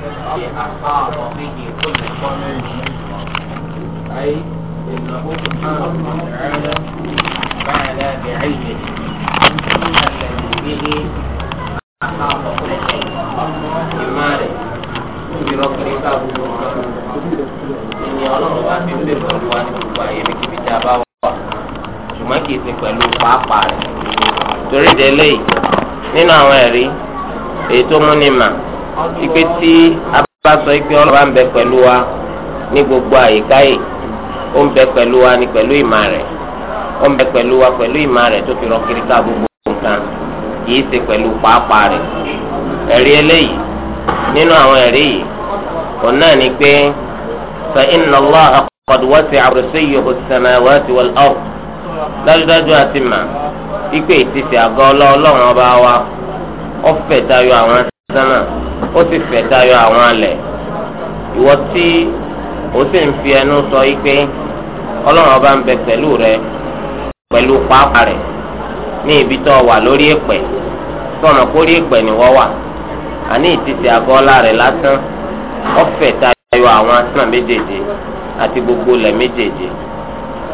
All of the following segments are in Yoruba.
أخطأ به كل قوم أي إنه سبحانه وتعالى فعل بعلمه الذي به أحاط كل شيء بماله بركبه إني ọlọ́run bá fi ń lè pẹ̀lú wa ní gbogbo àyè bí kíbi tí a bá wà ṣùgbọ́n kì í ṣe pẹ̀lú pàápàá rẹ̀ torí délé nínú àwọn ẹ̀rí èyí tó múni mà ìpè tí abá sọ pé ọlọ́ba ń bẹ pẹ̀lú wa ní gbogbo àyíká yìí ó ń bẹ pẹ̀lú wa ní pẹ̀lú ìmọ̀ rẹ̀ ó ń bẹ pẹ̀lú wa pẹ̀lú ìmọ̀ rẹ̀ tó fi rọ kiri ká gbogbo nǹkan kìí ṣe pẹ̀lú pàápàá rẹ̀ ẹ̀rí eléyìí nínú àwọn ẹ̀rí yìí òun náà ni pé fa inna Allaha qad wasi'a kursiyyuhu as-samawati wal-ard dájúdájú àti mà ipe ìtìsí àgọ́ ọlọ́ọ̀lọ́run ọba wa ọ̀fẹ́ tayọ àwọn sánà ó sì fẹ̀ tayọ àwọn alẹ̀ ìwọ tí ó sì ń fi ẹnu sọ yìí pé ọlọ́run ọba ń bẹ pẹ̀lú rẹ pẹ̀lú pápá rẹ ní ibi tó wà lórí èpẹ̀ sọ̀nà kórí èpẹ̀ ni wọ́n wà àní ìtìsí àgọ́lá rẹ lásán ó fẹ̀ tayọ àwọn asánà méjèèjì àti gbogbo lẹ̀ méjèèjì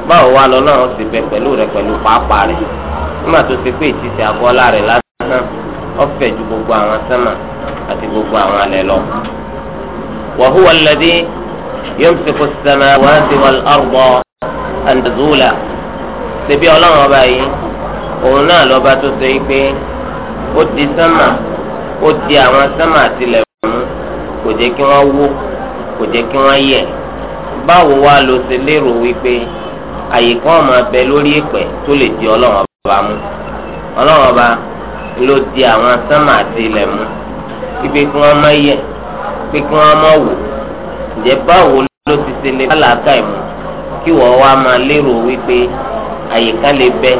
báwo wá lọ náà ó sì bẹ pẹ̀lú rẹ pẹ̀lú pápá rẹ nígbà tó ṣe pé ìtìsí àgọ́lá rẹ lásán ọ̀fẹ́ ju gbogbo àwọn sánmà àti gbogbo àwọn alẹ́ lọ. wa huwa alladhi yumsiku as-samawati wal-arda an tazula ṣebí ọlọ́run ọba yìí òun náà lọ́ba tó ṣe é pé ó di sánmà ó di àwọn sánmà àtìlẹ̀ mú kò jẹ́ kí wọ́n wó kò jẹ́ kí wọ́n yẹ̀ báwo wá ló ṣe lérò wípé àyè kan máa bẹ lórí èpẹ̀ tó lè di ọlọ́run ọba mú ọlọ́run ọba ló di àwọn sánmà àti ilẹ̀ mú ibi kí wọ́n má yẹ pé kí wọ́n má wò ǹjẹ́ báwo ló ti ṣe lè bálàkà ìmọ̀ kí wọ́n wá máa lérò wípé àyíká lè bẹ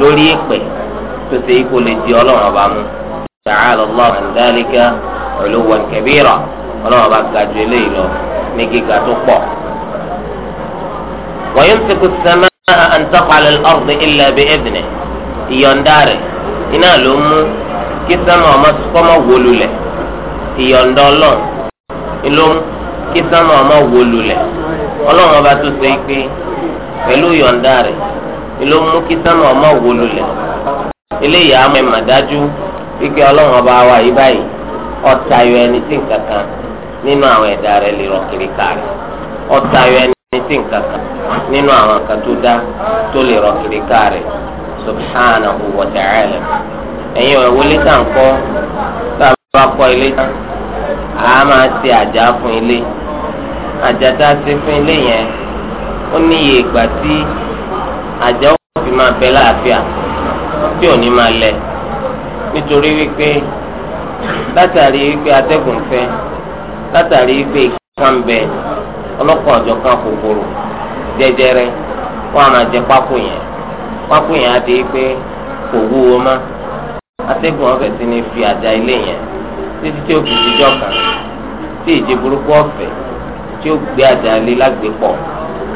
lórí ìpẹ́ tó ṣe ipò lè di ọlọ́run ọba mú ta'ala Allahu an dhalika uluwan kabira ọlọ́run ọba ga eléyìí lọ ní gíga tó pọ̀. wa yumsiku as-samaa an taqa ala al-ardi illa bi idhnihi rẹ̀ iná ló mú kí sánmà ọmọ kọ́mọ wó lulẹ̀ ìyọ̀ǹda ọlọ́run ló mú kí sánmà ọmọ wó lulẹ̀ ọlọ́run ọba tó ṣe pé pẹ̀lú ìyọ̀ǹda rẹ̀ ló mú kí sánmà ọmọ wó lulẹ̀ eléyìí àmọ́ ẹ̀mà dájú wípé ọlọ́run ọba wa yí báyìí ọ̀tayọ ẹni tí nǹkan kan nínú àwọn ẹ̀dá rẹ̀ lè rọ kiri kárẹ̀ ọ̀tayọ ẹni tí nǹkan kan nínú àwọn nǹkan tó dá tó lè rọ kiri kárẹ̀. Subhana wa ta'ala ẹ̀yin ọ̀rọ̀ wọlé tá à ń kọ́ tá a bá kọ́ ilé tán a máa ṣe àjà fún ilé àjà tá a ṣe fún ilé yẹn ó ní iye ìgbà tí àjà ó fi máa bẹ láàfíà tí ò ní máa lẹ nítorí wípé látàrí wípé atẹ́gùn fẹ́ látàrí wípé ìkan bẹ ọlọ́kọ̀ ọ̀jọ̀ kan kòkòrò jẹjẹrẹ wọn a pákó yẹn wọn kó yẹn adé pé kò wúwo mọ́ atẹ́gùn ọ̀fẹ́ sí ni fi àjà ilé yẹn títí tí ó fi jíjọ́ kan tí ìjì burúkú ọ̀fẹ́ tí ó gbé àjà ilé lágbèpọ̀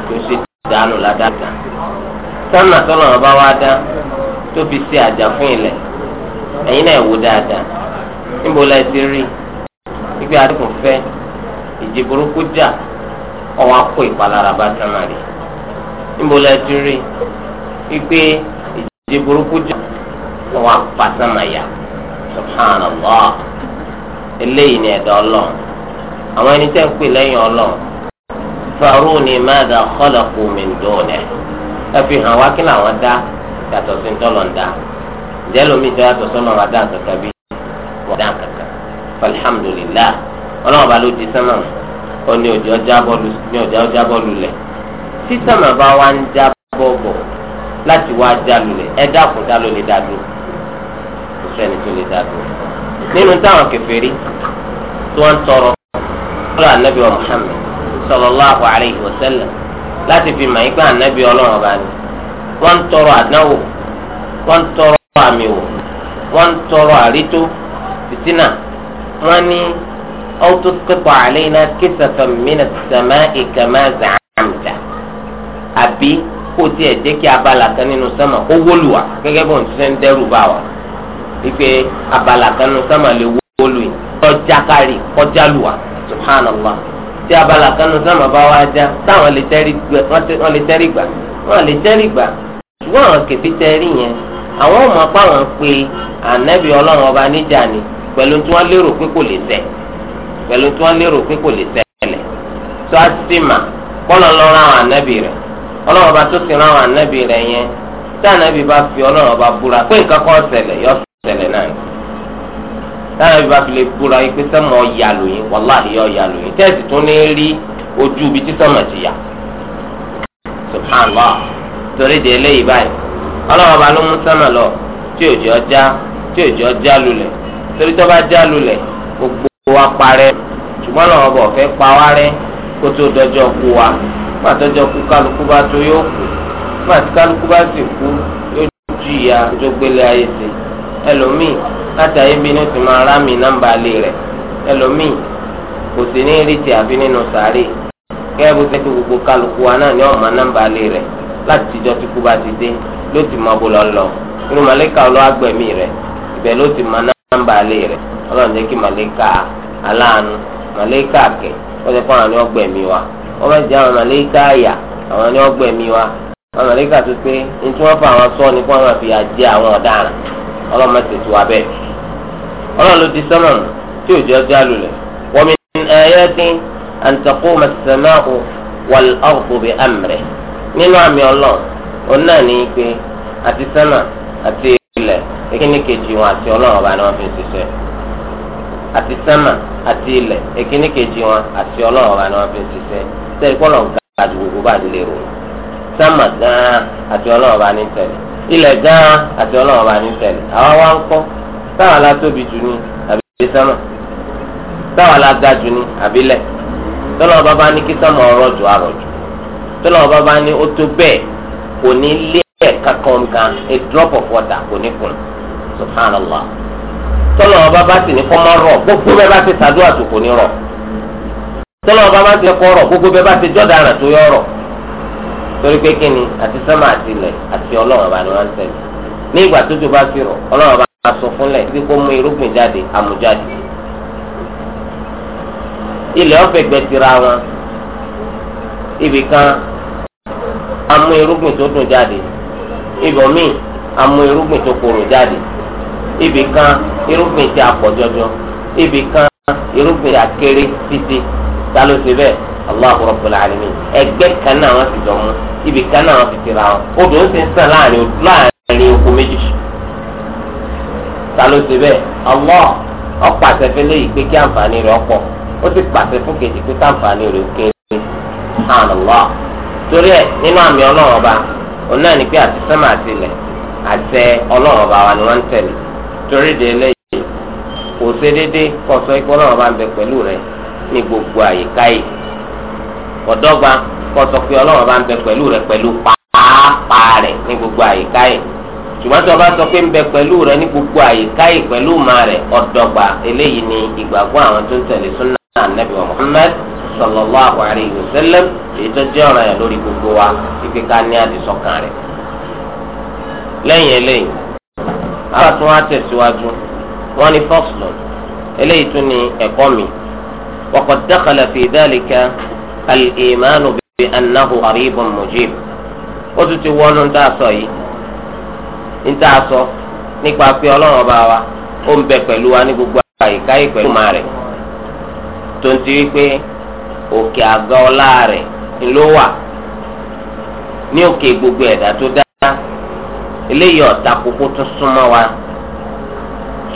tí ṣe dànù ládàgà ọba wa dá tó fi ṣe àjà fún ilẹ̀ ẹ̀yin náà wò dáadáa níbo la ti rí gbígbé atẹ́gùn fẹ́ ìjì burúkú jà ìpalára wípé ìdíje burúkú jọ wọn apàtàmàyà subhanallah eléyìí ni ẹ̀dá ọlọ́run àwọn ẹni tẹ́ ń pè lẹ́yìn ọlọ́run faruni madha khalaqu min dunihi ẹ fi hàn wá kí làwọn dá yàtọ̀ sí ntọ́lọ̀ ń dá ǹjẹ́ lómi ìjọ yàtọ̀ sọ́nà wà dá nǹkan bí wọ́n dá nǹkan kan ọlọ́run bá ló di sánmà ó ní òjò ọjà bọ́ọ̀lù tí sánmà bá wá ń já bọ́ọ̀bọ̀ láti wá dálulẹ̀ ẹ dákun dálo lè dádó kò sẹ́ni tó lè dádó. nínú táwọn kèfèrí tí wọ́n ń tọrọ lọ́dọ̀ anabi wa Muhammad sallallahu alayhi wa sallam láti fi mọ̀ ipá anabi ọlọ́run ọba ni wọ́n ń tọrọ àdánwò wọ́n ń tọrọ àmì wò wọ́n ń tọrọ àrító fìtínà wọ́n ní ọ̀tún kẹpọ̀ àlẹ́ iná kí sàfẹ̀ mí nà sàmá ìkàmá zàmìtà àbí kó tiẹ̀ jẹ́ kí abala kan nínú sánmà kó wólu wa gẹ́gẹ́ bó ń ti ń dẹ́rù bá wa wípé abala kan nínú sánmà lè wólu yìí kọjá kárì kọjá lù wa subhanallah tí abala kan nínú sánmà bá wa já táwọn lè tẹ́rì gbà wọ́n lè tẹ́rì gbà wọ́n lè tẹ́rì gbà ṣùgbọ́n àwọn kẹfí tẹ́rì yẹn àwọn ọmọ apá wọn pé ànábì ọlọ́run ọba níjà ni pẹ̀lú tí wọ́n lérò pé kò lè ṣẹ pẹ̀lú tí wọ́n lérò pé kò lè ṣẹlẹ̀ tó a ti mà kọ́nà lọ́rọ́ àwọn ànábì rẹ̀ ọlọ́run ọba tó ti rán àwọn ànábì rẹ̀ yẹn tí ànábì bá fi ọlọ́run ọba búra pé nǹkan kan ṣẹlẹ̀ yọ ṣẹlẹ̀ náà ni tí ànábì bá fi lè búra yìí pé sẹ́mọ̀ ọ̀yà lòyìn wàláhì ọ̀yà lòyìn tẹ́ẹ̀sì tún ní rí ojú ibi tí sọ́mọ̀ ti yà subhanallah torí de eléyìí báyìí ọlọ́run ọba ló mú sẹ́mọ̀ lọ tí òjò já tí òjò já lulẹ̀ torí tó bá já lulẹ̀ gbogbo wa parẹ́ ṣùgbọ́n ọlọ́run ọba ọ̀fẹ́ pa wa rẹ́ kó tó dọjọ́ kú wa nígbà tó jọ kú kálukú bá tó yóò kú nígbà tí kálukú bá sì kú yóò ju ìyá tó gbélé ayé sí ẹlòmíì láti ayé bí ní máa rámì ẹlòmíì kò sí ní rìtì àbí nínú sàárè kẹ́ẹ́ bó tẹ́tí gbogbo kálukú wa náà ní láti tí kú bá ti dé ló ti mọ bó lọ lọ inú màlẹ́kà ọlọ́àgbẹ̀mí rẹ̀ ibẹ̀ ló ti mọ ọlọ́run jẹ́ kí wọ́n má jẹ́ àwọn màlẹ́kà àyà àwọn ni wọ́n gbẹ̀mí wa àwọn màlẹ́kà tó pé ní tí wọ́n fa àwọn sọ ni kí wọ́n máa fi àjẹ àwọn ọ̀daràn ọlọ́run má tètè wá bẹ́ẹ̀. ọlọ́run ló di sọ́nà tí ò jẹ́ ọjọ́ àlùlẹ̀ wọ́n mi ní ẹyẹ dín àǹtakó màtìsẹ́máàkù wà lọ́ọ̀kù àmìrẹ̀ nínú àmì ọlọ́run òun náà ní pé àti sọ́nà àti ilẹ̀ ìkíníkejì àti sánmà àti ilẹ̀ èkíní kejì wọn àti ọlọ́run ọba ni wọ́n fi ń ṣiṣẹ́ sẹ́yìn kọ́lọ̀ ga ju gbogbo bá ti lè rò sánmà gan-an àti ọlọ́run ọba ní tẹ̀lé ilẹ̀ gan-an àti ọlọ́run ọba ní tẹ̀lé àwa wá ń kọ́ táwa la tóbi jù ní àbí ilé sánmà táwa la ga jù ní àbí ilẹ̀ tọ́lọ́run ọba bá ní kí sánmà ọrọ̀ jù àrọ̀ jù tọ́lọ́run ọba bá ní ó tó bẹ́ẹ̀ kò ní lé ẹ̀ka kan gan a drop of water kò ní kùn subhanallah tọ́lọ̀ ọba bá sì ní kọ́ máa rọ̀ gbogbo bẹ́ẹ̀ bá ti sàdúrà tó kò ní rọ̀ tọ́lọ̀ ọba bá ti kọ́ rọ̀ gbogbo bẹ́ẹ̀ bá ti jọ́dá àrà tó yọ rọ̀ torí pé kíni àti sẹ́mà àti ilẹ̀ àti ọlọ́run ọba ni wọ́n ń tẹ̀lé ní ìgbà tó tó bá fi rọ̀ ọlọ́run ọba máa sọ fúnlẹ̀ bí kò mú irúgbìn jáde àmújáde ilẹ̀ ọ̀fẹ́ gbẹ̀tìra wọn ibì kan amú irúgbìn tó dùn jáde ibòmíì amú irúgbìn tó korò jáde ibì kan irúgbìn tí a pọ̀ jọjọ ibì kan irúgbìn àkéré títí ta ló ṣe bẹ́ẹ̀ Allahu Rabbul Alamin ẹgbẹ́ kan náà wọ́n ti dọ̀mú ibì kan náà wọ́n ti tira wọn odò ó sì ń sàn láàrin láàrin oko méjì ta ló ṣe bẹ́ẹ̀ Allah ó pàṣẹ fẹ́lẹ́ yìí pé kí àǹfààní rẹ̀ ọ̀pọ̀ ó sì pàṣẹ fún kejì pé káǹfààní rẹ̀ ó kéré subhanallah torí ẹ nínú àmì ọlọ́run ọba òun náà ní pé àti sẹ́mà àti ilẹ̀ àtẹ ọlọ́run ọba wa ni wọ́n ń tẹ̀lé torí de eléyìí kò ṣe déédé kó sọ ikú ọlọ́run bá ń bẹ pẹ̀lú rẹ ní gbogbo àyíká yìí ọ̀dọ́gba kó sọ pé ọlọ́run bá ń bẹ pẹ̀lú rẹ pẹ̀lú pàápàá rẹ ní gbogbo àyíká yìí ṣùgbọ́n tí wọ́n bá sọ pé ń bẹ pẹ̀lú rẹ ní gbogbo àyíká yìí pẹ̀lú ma rẹ ọ̀dọ́gba eléyìí ni ìgbàgbọ́ àwọn tó ń tẹ̀lé súnà nàbì wa Muhammad sallallahu alayhi wa sallam èyí tó jẹ́ ọ̀ràn yẹn lórí gbogbo wa ìpè àdìsọ́kàn rẹ̀ lẹ́yìn eléyìí àwọn tó wá tẹ̀síwájú wọ́n ní foxlot eléyìí tún ní ẹ̀kọ́ mi waqad dakhala fi dhalika al-imanu bi annahu qaribun mujib ó tún ti wọnú ń tàṣọ yìí ń tàṣọ nípa pé ọlọ́run ọba wa ó ń bẹ pẹ̀lú wa ní gbogbo àyíká yìí pẹ̀lú màá rẹ̀ tó ń ti rí pé òkè àga ọlá rẹ̀ ló wà ní òkè gbogbo ẹ̀dá tó dá eléyìí ọ̀tá kókó tún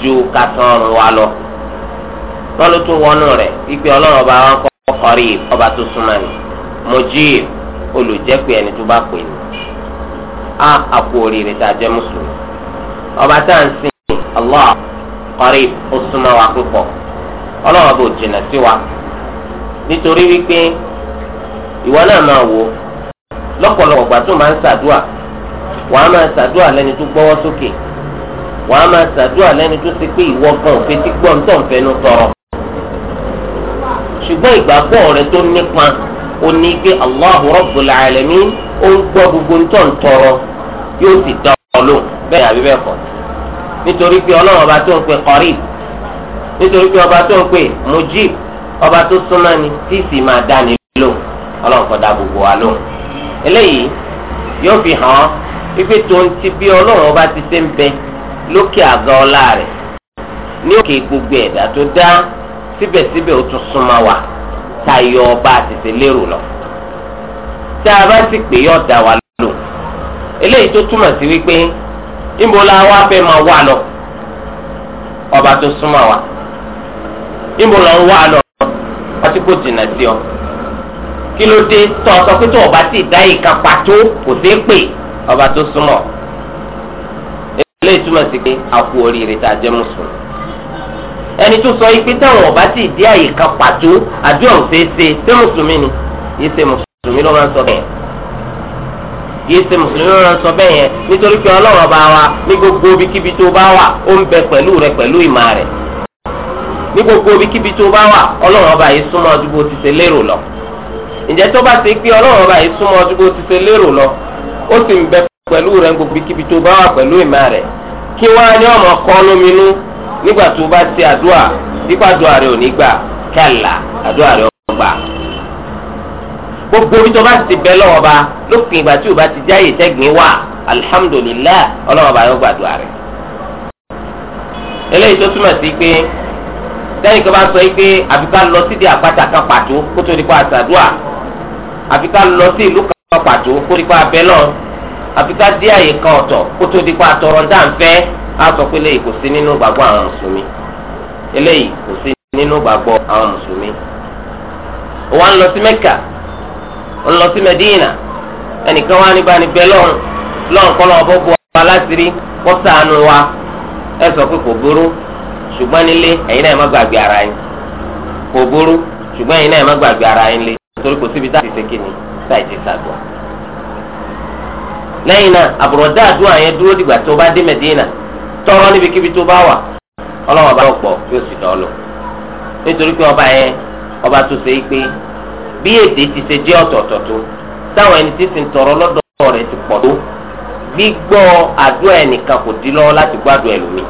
ju kàtọ́rùn wa lọ tọ́lú tún wọnú rẹ̀ wípé ọlọ́run ọba wọn kọ́ ọba tó súnmọ́ ni mojib ẹni tó bá pè ní a àpò oríire tá a jẹ́ mùsùlùmí ọba tá à ń sìn Allah ó súnmọ́ wa púpọ̀ ọlọ́run ọba ò sí wa wípé ìwọ wàá máa ṣàdúrà lẹ́ni tó gbọ́wọ́ sókè wàá máa ṣàdúrà lẹ́ni tó ṣe pé ìwọ kan òfin tí gbọ́n tó ń fẹnu tọrọ. ṣùgbọ́n ìgbàgbọ́ rẹ tó nípa ó ní pé Allahu Rabbul Alamin ó ń gbọ́ gbogbo tó ń tọrọ yóò sì dá ọ lò bẹ́ẹ̀ àbí bẹ́ẹ̀ kọ́ nítorí pé ọlọ́run ọba tó ń pè Qarib nítorí pé ọba tó ń pè Mujib ọba tó súnmọ́ ni tí sì máa dá ni lò ọlọ́run kọ́ da gbogbo wa lò eléyìí yóò fi hàn án ipe tó ń ti bí ọlọ́run ọba ti ṣe ń bẹ lókè àga ọlá rẹ̀ ní òkè gbogbo ẹ̀dá tó dá síbẹ̀síbẹ̀ ó tún súnmọ́ wa tayọ ọba àti ṣe lérò lọ tá a bá sì pè yọ̀ dá wa lò eléyìí tó túmọ̀ sí wípé níbo la wá fẹ́ máa wà lọ ọba tó súnmọ́ wa níbo la ń wà lọ àti kò jìnnà sí ọ kí ló dé tọ́ ọ sọ pé tó ọba ti dá ìka pàtó kò sí pè é ọba tó súnmọ́ eléyìí túmọ̀ sí pé àpò oríire tá a jẹ́ mùsùlùmí ẹni tó sọ ipe táwọn ọba sì dé àyè kan pàtó àdúrà òféèsè ṣé mùsùlùmí ni yìí ṣe mùsùlùmí ló máa ń sọ bẹ́ẹ̀ yìí ṣe mùsùlùmí ló máa ń sọ bẹ́ẹ̀ yẹn nítorí pé ọlọ́run ọba wa ní gbogbo ibikíbi tó bá wà ó ń bẹ pẹ̀lú rẹ pẹ̀lú ìmọ̀ rẹ̀ ní gbogbo ibikíbi tó bá wà ọlọ́run ọba yìí súnmọ́ ọdún bó ti ṣe lérò lọ ǹjẹ́ tó bá ṣe pé ọlọ́run ọba yìí súnmọ́ ọdún bó ti ṣe lérò lọ ó sì ń bẹ pẹ̀lú rẹ̀ gbogbo kíbi tó bá wà pẹ̀lú ìmọ̀ rẹ̀ kí wọ́n á ní ọ̀nà kan lóminú nígbà tó bá ti àdúrà nípa àdúrà rẹ̀ ò ní gbà kẹ́là àdúrà rẹ̀ ò gbà. gbogbo orí tó bá ti bẹ lọ́wọ́ ba lópin ìgbà tí o bá ti jáyè tẹ́gbìn wà alihamudulilayi ọlọ́wọ́ bá yóò gbàdúrà rẹ̀. eléyìí tó túmọ̀ sí pé sẹ́yìn kan bá sọ pé àfi lọ sídìí àpáta kan pàtó kó tó di pa wọn pàtó kórìkọ abẹ lọ àfikà dé àyè kan ọ̀tọ̀ kó tó di pa àtọrọ dá ń fẹ́ á sọ pé eléyìí kò sí nínú gbàgbọ́ àwọn mùsùlùmí eléyìí kò sí nínú gbàgbọ́ àwọn mùsùlùmí. wọ́n ń lọ sí mẹ́kà ń lọ sí mẹ́dínà ẹnìkan wá ní báni bẹ́ẹ̀ lọ́run lọ́run kọ́ lọ́wọ́ bó bu ọba láti rí kó sànù wa ẹ sọ pé kò burú ṣùgbọ́n nílé ẹ̀yin náà ẹ má gbàgbé ara yín kò burú ṣùgbọ́n ẹ̀yin náà ẹ má gbàgbé ara yín lé torí kò síbi tá táì ti gbàgbọ́. lẹ́yìn náà àbùrọ̀dá àdúrà yẹn dúró dìgbà tó bá dé Mẹ̀dínà tọrọ níbikíbi tó bá wà ọlọ́wọ́ bá pọ̀ kí ó sì dán lọ. nítorí pé ọba yẹn ọba tó ṣe é pé bí èdè ti ṣe jẹ́ ọ̀tọ̀ọ̀tọ̀ tó táwọn ẹni tí ti ń tọrọ lọ́dọ̀ rẹ̀ ti pọ̀ tó gbígbọ́ àdúrà ẹnìkan kò dín lọ́wọ́ láti gbádùn ẹlòmíì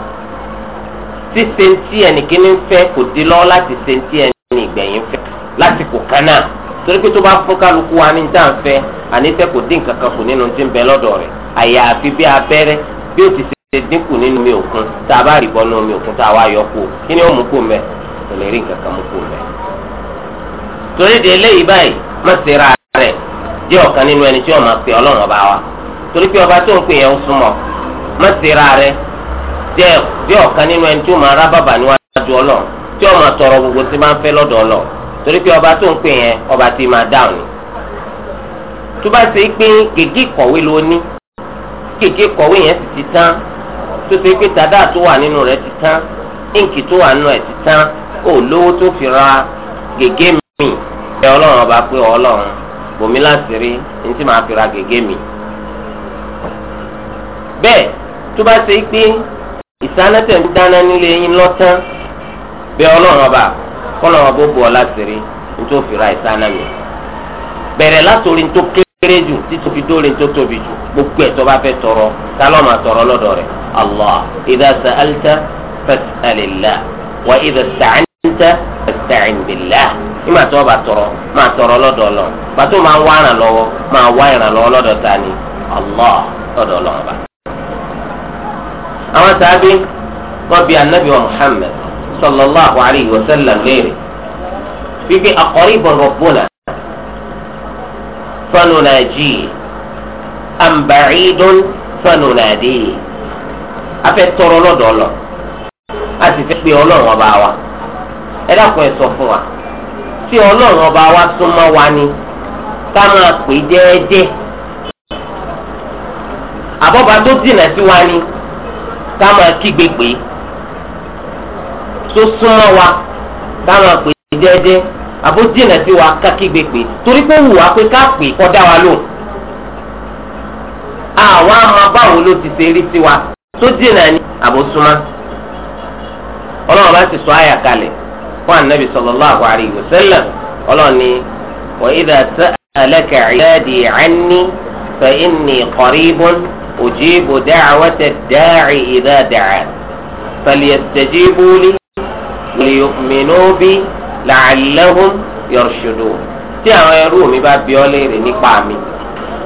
sísentí ẹnìkíní ń fẹ́ kò dín lọ́wọ́ láti sentí ẹni ìgbẹ̀yìn fẹ́ lásìkò kan náà torí pé tó bá fún kálukú wa ní tá à ń fẹ́ ànífẹ́ kò dín kankan kù nínú tí ń bẹ lọ́dọ̀ rẹ̀ àyàfi bí abẹ́rẹ́ bí ó ti ṣe dínkù nínú mi òkun tá a bá rí bọ́ nínú mi òkun tá a wá yọ kú o kí ni ó mú kú mẹ́ kò lè rí nkankan mú kú mẹ́. torí de eléyìí báyìí má ṣe ra rẹ̀ jẹ́ ọ̀kan nínú ẹni tí wọ́n máa pe ọlọ́run ọba wa torí pé ọba tó ń pè yẹn ń súnmọ́ má ṣe ra rẹ̀ jẹ́ ọ̀kan nínú ẹni tí wọ́n máa rábàbà níwájú ọlọ́run tí wọ́n máa tọrọ gbogbo tí máa ń fẹ́ lọ́dọ̀ ọlọ́run torí pé ọba tó ń pè yẹn ọba ti máa dáhùn ni tó bá ṣe pé gègé kọ̀wé ló ní gègé kọ̀wé yẹn sì ti tán tó ṣe pé tàdá tó wà nínú rẹ̀ ti tán íǹkì tó wà nínú ẹ̀ ti tán ó lówó tó fi ra gègé mi ẹ ọlọ́run ọba pé ọlọ́run bòmí láti rí ní tí màá fi ra gègé mi bẹ́ẹ̀ tó bá ṣe pé ìsánẹ́tẹ̀ ń dáná nílé yín lọ́tán bẹ́ẹ̀ ọlọ́run ọba kọ́nà wọn bó bu ọ láti rí nítorí òfin ra ìsáná mi bẹ̀rẹ̀ látòrí tó kéré jù títí fi dóore tó tóbi jù gbogbo ẹ̀ tó bá fẹ́ tọrọ ta ló máa tọrọ lọ́dọ̀ rẹ̀ allah idha sa'alta fas'alillah wa idha ista'anta fasta'in billah nígbà tó bá tọrọ máa tọrọ lọ́dọ̀ lọ pàtó máa wá ìrànlọ́wọ́ máa wá ìrànlọ́wọ́ lọ́dọ̀ ta ni allah lọ́dọ̀ lọ́wọ́ bá. àwọn sábẹ́ wọ́n bi anabi wa muhammed sallallahu alayhi wa sallam léèrè wípé aqaribu rabbuna fanunaji am ba'idun fanunadi afẹ́ tọrọ lọ́dọ̀ lọ a sì fẹ́ pé ọlọ́run ọba wa ẹ dákun ẹ sọ fún wa tí ọlọ́run ọba wa súnmọ́ wa ni ká máa pè déédéé àbọ̀bá tó dìnà sí wa ni ká máa kígbe pè é tó súnmọ́ wa táwọn pè é déédéé àbó jìnà sí wa kákígbe pè torí pé wù wá pé ká pè kọjá wa lò àwa máa báwo ló ti ṣe rí sí wa tó jìnà ní àbó súnmọ́ ọlọ́run bá ti sọ àyà kalẹ̀ fún anabi sallallahu alayhi wa sallam ọlọ́run ni wa idha sa'alaka ibadi anni fa inni qaribun ujibu da'wata ad-da'i idha da'an. فليستجيبوا لي lèyọ̀mìnú bí làálẹ́hùn yọ̀ṣọ̀dọ̀ tí àwọn ẹrú mi bá bi ọ́ léèrè nípa mi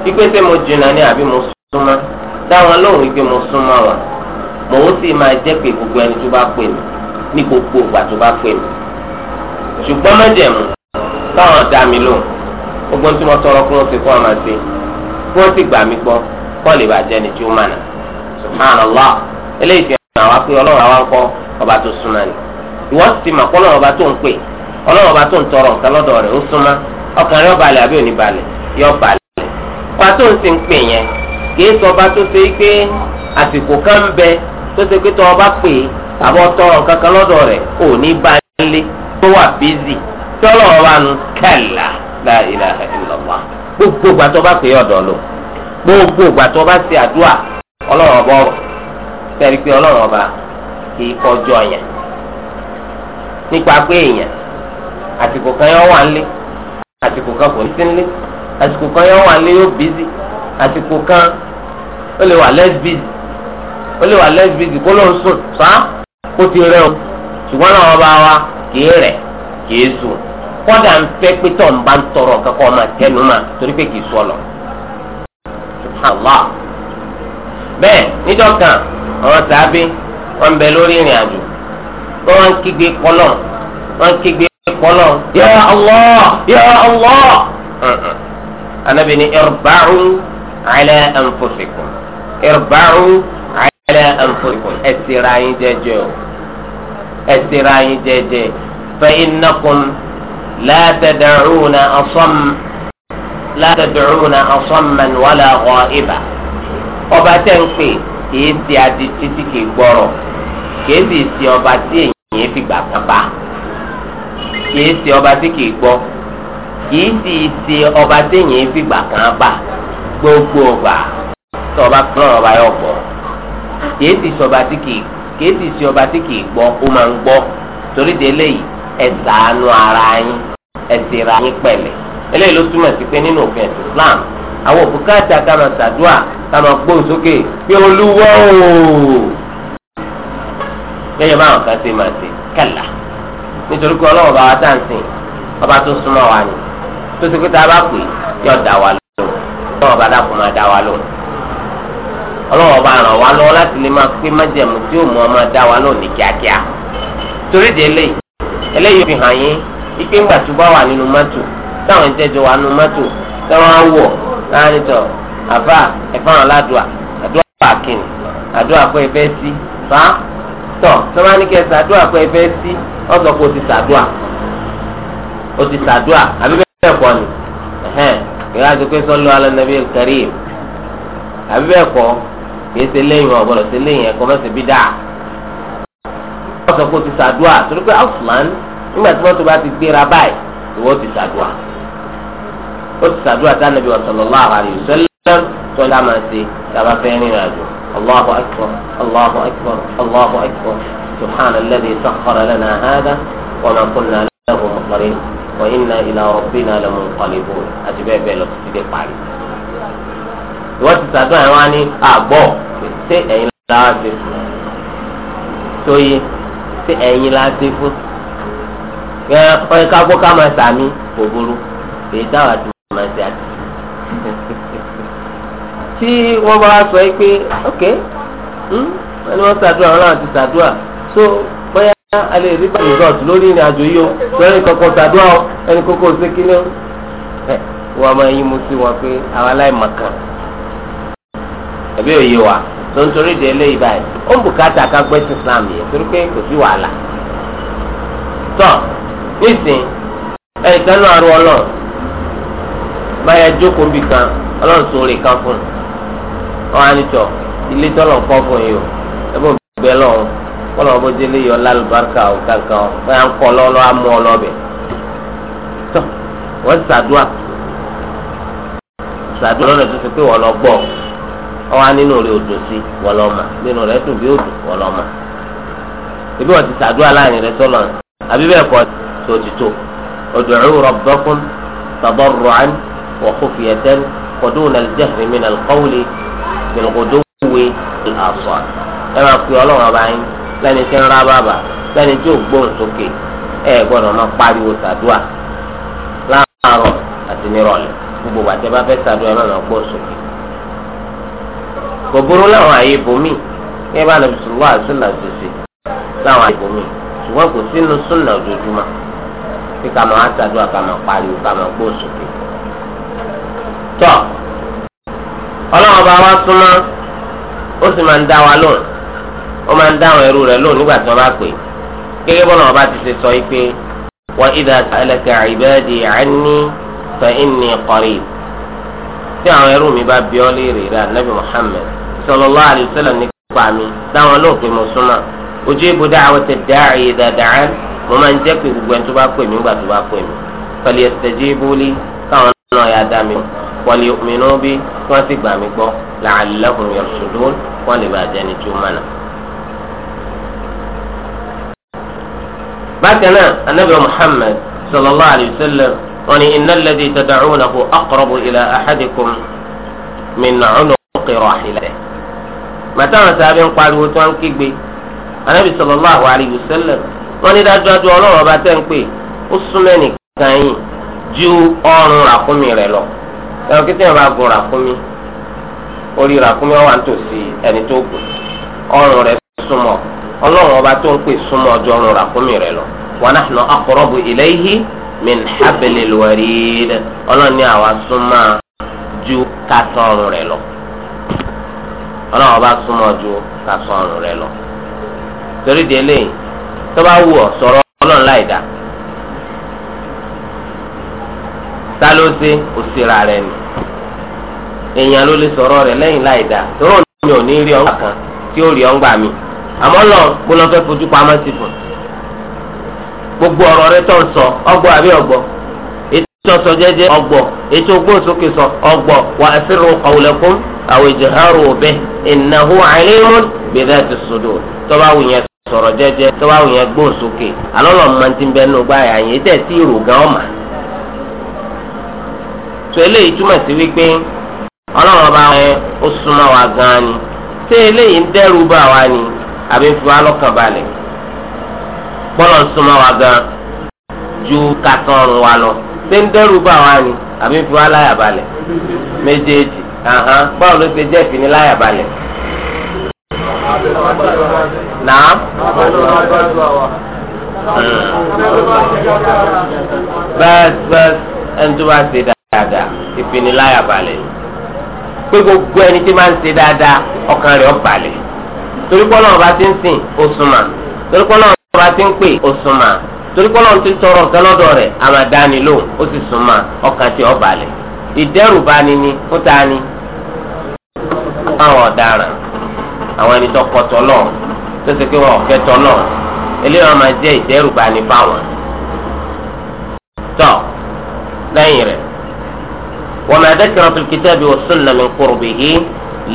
ìgbésẹ̀ mo jìnnà ni àbí mo súnmọ́ táwọn lóhùn ìgbé mo súnmọ́ wọn mò ń sì máa jẹ́ pé gbogbo ẹni tó bá pè mí ní gbogbo ìgbà tó bá pè mí ṣùgbọ́n mẹ́jẹ̀mú táwọn dá mi lóhùn gbogbo tí mo tọrọ kí wọ́n ti kọ́ ọmọ sí kí wọ́n sì gbà mí gbọ́ kọ́ lè bàjẹ́ ni tí ó mànà subhanallah eléyìí fi hàn wá pé ọlọ́run àwa ń ọba tó súnmọ́ ni ìwọ́n sì mà kọ́ ọlọ́run ọba tó ń pè ọlọ́run ọba tó ń tọrọ nǹkan lọ́dọ̀ rẹ̀ ó súnmọ́ ọkàn rẹ̀ ọbalẹ̀ àbí òní balẹ̀ yọ balẹ̀. pàtó ń sì ń pè yẹn kìí sọ ọba tó ṣe pé àsìkò kan ń bẹ tó ṣe pé tó ọba pè àbọ̀ tọrọ nǹkan kan lọ́dọ̀ rẹ̀ ò ní balẹ̀ tó wà bízì tọ́lọ̀ ọba nu kàlà la ilaha illallah gbogbo ìgbà tó bá pè é ọ̀dọ̀ lò gbogbo ìgbà tó bá nípa pé èèyàn àsìkò kan yóò wà nílé àsìkò kan kò ní sí nílé àsìkò kan yóò wà nílé yóò bízì àsìkò kan ó lè wà less busy ó lè wà less busy kó ló ń sùn sá kó ti rẹ o ṣùgbọ́n náà wọ́n bá wa kìí rẹ̀ kìí sùn kọ́dà ń fẹ́ pé tó ń bá ń tọrọ kankan ọmọ àtẹnu mà torí pé kìí sọ lọ. bẹ́ẹ̀ níjọ́ kan àwọn sàábí wọ́n bẹ lórí ìrìn àjò wọn kígbe kọlọ wọn kígbe kọlọ ya allah ya allah anabi ni irba'u ala anfusikum irba'u ala anfusikum ẹsẹra yín jẹ́jẹ́ o ẹsẹra yín jẹ́jẹ́ fa innakum la tad'una asam la tad'una asamman wala ghaiba ọba tẹ́ ń pè kìí ti adi títí kìí gbọ́rọ̀ kìí sì ti ọba tí kìí fi gbà kan bá kìí ṣe ọba tí kìí gbọ́ kìí sì ṣe ọba tí yìí fi gbà kan bá gbogbo ọba tí ọba kan ọba yọ gbọ́ kìí sì ṣe ọba tí kìí kìí sì ṣe ọba tí kìí gbọ́ ó máa ń gbọ́ torí de eléyìí ẹ ṣàánú ara yín ẹ sì ra yín pẹ̀lẹ́ eléyìí ló túmọ̀ sí pé nínú òfin ẹ̀sìn Islam àwọn òbúkátà ká máa ṣàdúrà ká gbóhùn sókè pé olúwa ooo lẹ́yìn báwọn kan ṣe máa ṣe kẹlà nítorí pé ọlọ́wọ́ bá wa tá à ń sìn ọba tó súnmọ́ wa ni tó ti pé tá a bá pè yóò dá wa lóhùn ọlọ́wọ́ bá dàpọ̀ máa dá wa lóhùn ọlọ́wọ́ bá ràn wá lọ́wọ́ láti lè máa pé májẹ̀mú tí yóò mú ọ máa dá wa lóhùn ní kíákíá torí de eléyìí eléyìí fi hàn yín ipe ńgbà tó bá wà nínú mọ́tò táwọn ìjẹ́jọ wà nínú mọ́tò táwọn á wọ̀ láàrin tọ̀ aládùá àdúrà pàkín àdúrà pé ẹ fẹ́ sí fa tọ sọba ní kẹ ṣàdúrà pé ẹ fẹ́ sí ọsọ pé o ti ṣàdúrà o ti ṣàdúrà àbí bẹ́ẹ̀ kọ́ ni ìyá àti pé sọlọ alẹ nàbí kárìm àbí bẹ́ẹ̀ kọ́ kìí ṣe lẹ́yìn wọn gbọ́dọ̀ ṣe lẹ́yìn ẹ̀kọ́ mẹ́sẹ̀ bí dáa. wọ́n sọ pé o ti ṣàdúrà torí pé ausman nígbà tí wọ́n tó bá ti gbéra báyìí ìwọ ti ṣàdúrà. ó ti a tí Ànábì sallallahu alaihi wasallam tó ń dá máa ṣe tá a bá fẹ́ rìnrìn àjò. الله أكبر الله أكبر الله أكبر سبحان الذي سخر لنا هذا وما كنا له مقرين وإنا إلى ربنا لمنقلبون أجبه بيلو تسيدي قاري wọ́n ti sàdúrà yẹn wá ní àgbọ̀ ṣé ẹ̀yin lára ṣe fún tóyè ṣé ẹ̀yin lára ṣe fún ẹ ọ̀yẹ́ká gbọ́ ká máa sàmì kò burú èyí táwọn àti máa ṣe àti tí wọ́n bá sọ yìí pé ok wọ́n hmm, ní wọ́n ṣàdúrà wọn náà ti ṣàdúrà so bóyá a lè rí resort lórí ìrìn àjò yìí o lórí kankan ṣàdúrà o ẹni kókó ṣe kí ni o ẹ wọ́n máa yín mu sí wọn pé àwọn aláìmọ̀kan ẹ̀bí òye wa tó ń torí de eléyìí báyìí ó ń bùkátà ká gbẹ́sì Islam yìí torí pé kò sí wàhálà tọ́ nísìnyí ẹnìkan náà rú ọlọ́run báyà jókòó bìkan ọlọ́run sóore kan fún un wọn á ní tọ ilé tọ́lọ̀ kọ́ fún yìí o ẹ bó gbẹ lọ́wọ́ kọ́lọ̀ bó délé yọ lálùbáríkà o kankan o bóyá ń kọ́ lọ́lọ́ á mú ọ lọ́bẹ̀ tọ́ wọ́n ṣàdúrà ṣàdúrà lọ́nà tó ti pé wọ́n lọ gbọ́ ọ wá nínú rẹ̀ odò sí wọ́n lọ mà nínú rẹ̀ dùn bí odò wọ́n lọ mà ebi wọ́n ti ṣàdúrà láàrin rẹ̀ tọ́lọ̀ àbí bẹ́ẹ̀ kọ́ tó ti tó ud'u rabbakum gbẹlẹkodo wúwe ìhàsọ ẹ máa pe Ọlọ́run ọba yín lẹ́ni tí ń ra bàbà lẹ́ni tí ò gbóhùn sókè ẹ gbọ́dọ̀ máa pariwo sàdúà láàárọ̀ àti nírọ̀lẹ́ gbogbo àti bá fẹ́ sàdúà náà máa gbóhùn sókè. gbogbo láwọn àyè ibòmí kí ẹ bá lọ sùn wá sílà ṣèṣe láwọn àyè ibòmí ṣùgbọ́n kò sínú súnà ojoojúmọ́ kí ká máa sàdúà ká máa pariwo ká máa gbóhùn sókè ọlọ́run ọba wa súnmọ́ ó sì máa ń dá wa lóhùn ó máa ń dá àwọn ẹrú rẹ̀ lóhùn nígbà tí wọ́n bá pè gẹ́gẹ́ bọ́lá ọba ti ṣe sọ yìí pé wa idha sa'alaka ibadi anni fa inni qarib tí àwọn ẹrú mi bá bi ọ́ léèrè rẹ̀ anabi muhammed sallallahu alayhi wa sallam ní kíkọ́ lóhùn pé mo súnmọ́ ojú ibo da'wata da'i idha da'an mo máa ń jẹ́ pé gbogbo ẹni tó bá pè mí nígbà tó bá pè mí falyastajibu li káwọn náà yà dá mi wàlẹ̀ òmìnira bí wọ́n sì gbà mí gbọ́ làálẹ́kùn yọ̀ ṣùdún wọ́n lè bàjẹ́ ni tí ó mọ̀nà. bákan náà anabi muhammed sallallahu alayhi wa sallam wọ́n ní iná lẹ́dí tad'unahu aqrabu ilà ahadikum min unuqi rahilatihi. màtáwọn sábẹ́ ń pariwo tí wọ́n ń kígbe anabi sallallahu alayhi wa sallam wọ́n ní dájúdájú ọlọ́run ọba tẹ́ ń pè ó súnmẹ́nì kan yìí ju ọrùn ràkúnmí rẹ̀ lọ ẹ̀rọ kí sèyàn bá gun ràkúnmí orí ràkúnmí ọ̀wà ń tòsí ẹni tó gùn ọrùn rẹ̀ súnmọ́ ọlọ́run ọba tó ń pè súnmọ́ ọjọ́ ọrùn ràkúnmí rẹ̀ lọ wa nahnu aqrabu ilayhi min hablil warid ọlọ́run ní àwa súnmọ́ ju kásán ọrùn rẹ̀ lọ ọlọ́run ọba súnmọ́ ju kásán ọrùn rẹ̀ lọ torí délé tó bá wù ọ́ sọ̀rọ̀ ọlọ́run láì dáa. ta ló ṣe òṣèrà rẹ̀ ni èèyàn ló lè sọ̀rọ̀ rẹ̀ lẹ́yìn láì dáa tóró ní òní rí ọgbà kan tí ó rí ọgbà mi fún gbogbo ọrọ rẹ̀ tó ń sọ ọgbọ àbí ọgbọ. ètò ọsọ jẹ́jẹ́ ọgbọ́ ètò ògbóǹsókè sọ ọgbọ́ wà á sírò qawlakum aw ijharu bihi innahu alimun bi dhati tọ́ba wù yẹn sọ̀rọ̀ tọ́ba wù yẹn gbóǹsókè alọ́lọ́ bẹ́ẹ̀ nù gbáyà yẹn tẹ̀ sí ọ̀mà. tó eléyìí túmọ̀ sí wípé ọlọ́run ọba wọn ó súnmọ́ wa gan-an ni ṣé eléyìí ń dẹ́rù bá wa ni àbí fi wá lọ́kàn balẹ̀ súnmọ́ wa gan ju kàtàn ọ̀run wa lọ tí ń dẹ́rù bá wa ni àbí fi wá láyà balẹ̀ méjèèjì báwo ló ṣe jẹ́ ìfini láyà balẹ̀ hmm. bẹ́ẹ̀ bẹ́ẹ̀ ẹni tó bá ṣe dada ìfiniláyà balẹ̀ pé gbogbo ẹni tí máa ń ṣe dáadáa ọkàn rẹ̀ ó balẹ̀ torí pé Ọlọ́run bá ti ń sìn ó súnmà torí pé Ọlọ́run bá ti ń pè ó súnmà torí pé Ọlọ́run ti tọrọ nǹkan lọ́dọ̀ rẹ̀ àmàdáni lóhùn ó sì súnmà ọkàn tí ó balẹ̀ ìdẹ́rùbani ni fún ta ni àwọn ọ̀daràn àwọn ẹni tó kọtọ náà tó ṣe pé wọn ò kẹtọ náà eléyàwó máa jẹ́ ìdẹ́rùbani fáwọn. tọ́ lẹ́yìn rẹ̀ وما ذكر في الكتاب والسنة من قربه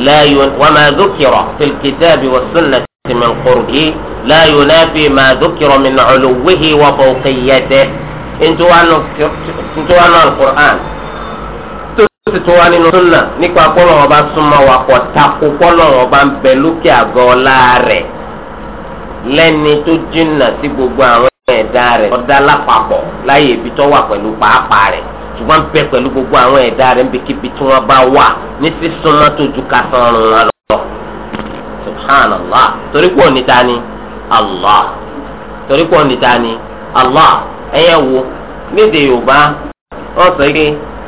لا ي... وما ذكر في الكتاب والسنة من قربه لا ينافي ما ذكر من علوه وفوقيته انتوا عن القرآن sì tún wá nínú súnà nípa kọ́lọ̀ ọba súnmọ́ wa kọ́ takò kọ́lọ̀ ọba ń bẹ lókè àgọ́ ọlá rẹ̀ lẹ́ni tó jìnnà sí gbogbo àwọn ẹ̀dá rẹ̀ ọ̀dá lápapọ̀ láyé ibi tó wà pẹ̀lú pàápàá rẹ̀. ṣùgbọ́n ń bẹ pẹ̀lú gbogbo àwọn ẹ̀dá rẹ̀ níbikíbi tí wọ́n bá wà ní tó ju ká san ọrùn wọn lọ. subhanallah torí pé òní ta ni allah torí pé òní ta ni allah wo léde yorùbá sọ pé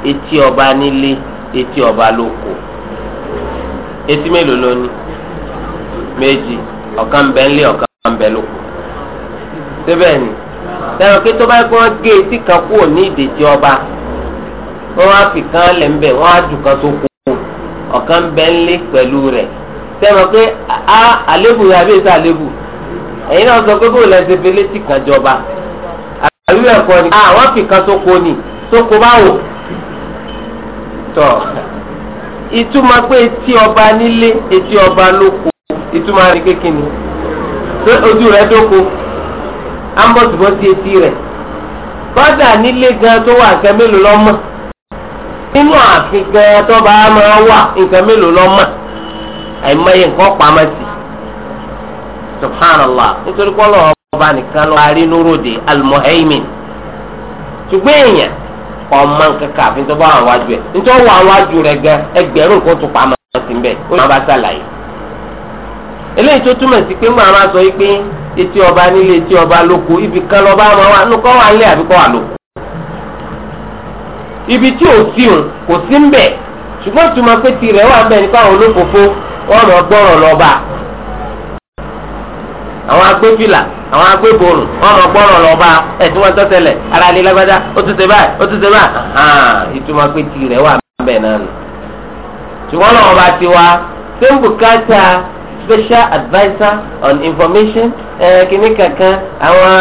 etí ọba nílé etí ọba lóko etí mélòó ló ní méjì ọ̀kan ń bẹ ọ̀kan ń bẹ síbẹ̀ ni lẹ́yìn tó bá gé etí kan kúrò ọba wọ́n á fi kan lẹ̀ ń bẹ̀ wọ́n á jù kan tó kú ọ̀kan ń bẹ́ ń lé pẹ̀lú rẹ̀ sẹ́wọ̀n pé a àlébù rẹ̀ àbí èso àlébù ẹ̀yin náà sọ pé bó lẹ́ ṣe fele tì kan jọba àbí ẹ̀kọ́ ni àwọn fi kan tó kú ni tó kú báwò tọ̀ ìtumọ̀ pé etí ọba nílé etí ọba lóko ìtumọ̀ rẹ̀ kékeré ni pé ojú rẹ̀ dóko ambọ̀tìbọ̀tì etí rẹ̀ kọ́dà nílé gan tó wà kẹ́ mélòó lọ́mọ́. nínú àfihàn tó bá máa wà nǹkan mélòó lọ́mọ àìmọye nǹkan pamọ́ sí subhanallah ọba nìkan lọ́wọ́ arínúròde almuhaimin ṣùgbọ́n èèyàn ọmọ nǹkan káàfin tó bá wà wájú ẹ̀ nítorí wà wájú rẹ̀ gan ẹgbẹ̀rún nǹkan tó pamọ́ sí ń ó bá ṣàlàyé eléyìí sọ yìí pé ọba nílé etí ọba lóko lọ́ba máa wà wà ibi tí ò sí òun kò sí ń bẹ̀ ṣùgbọ́n tó máa pé tirẹ̀ wà bẹ́ẹ̀ nípa àwọn olófòfó wọ́n mọ̀ gbọ́rọ̀ lọ́ba àwọn agbẹ́fìlà àwọn agbẹ́bọ̀rùn wọ́n mọ̀ gbọ́rọ̀ lọ́ba ẹ̀sìn wọn tọ́tẹ̀lẹ̀ ara lè lágbádá ó tún ṣe báyìí ó tún ṣe báyìí ìtumọ̀ pé tirẹ̀ wà bẹ́ẹ̀ náà nù ṣùgbọ́n lọ́wọ́ bá ti wá ṣé ń special adviser on information kìnnì kankan àwọn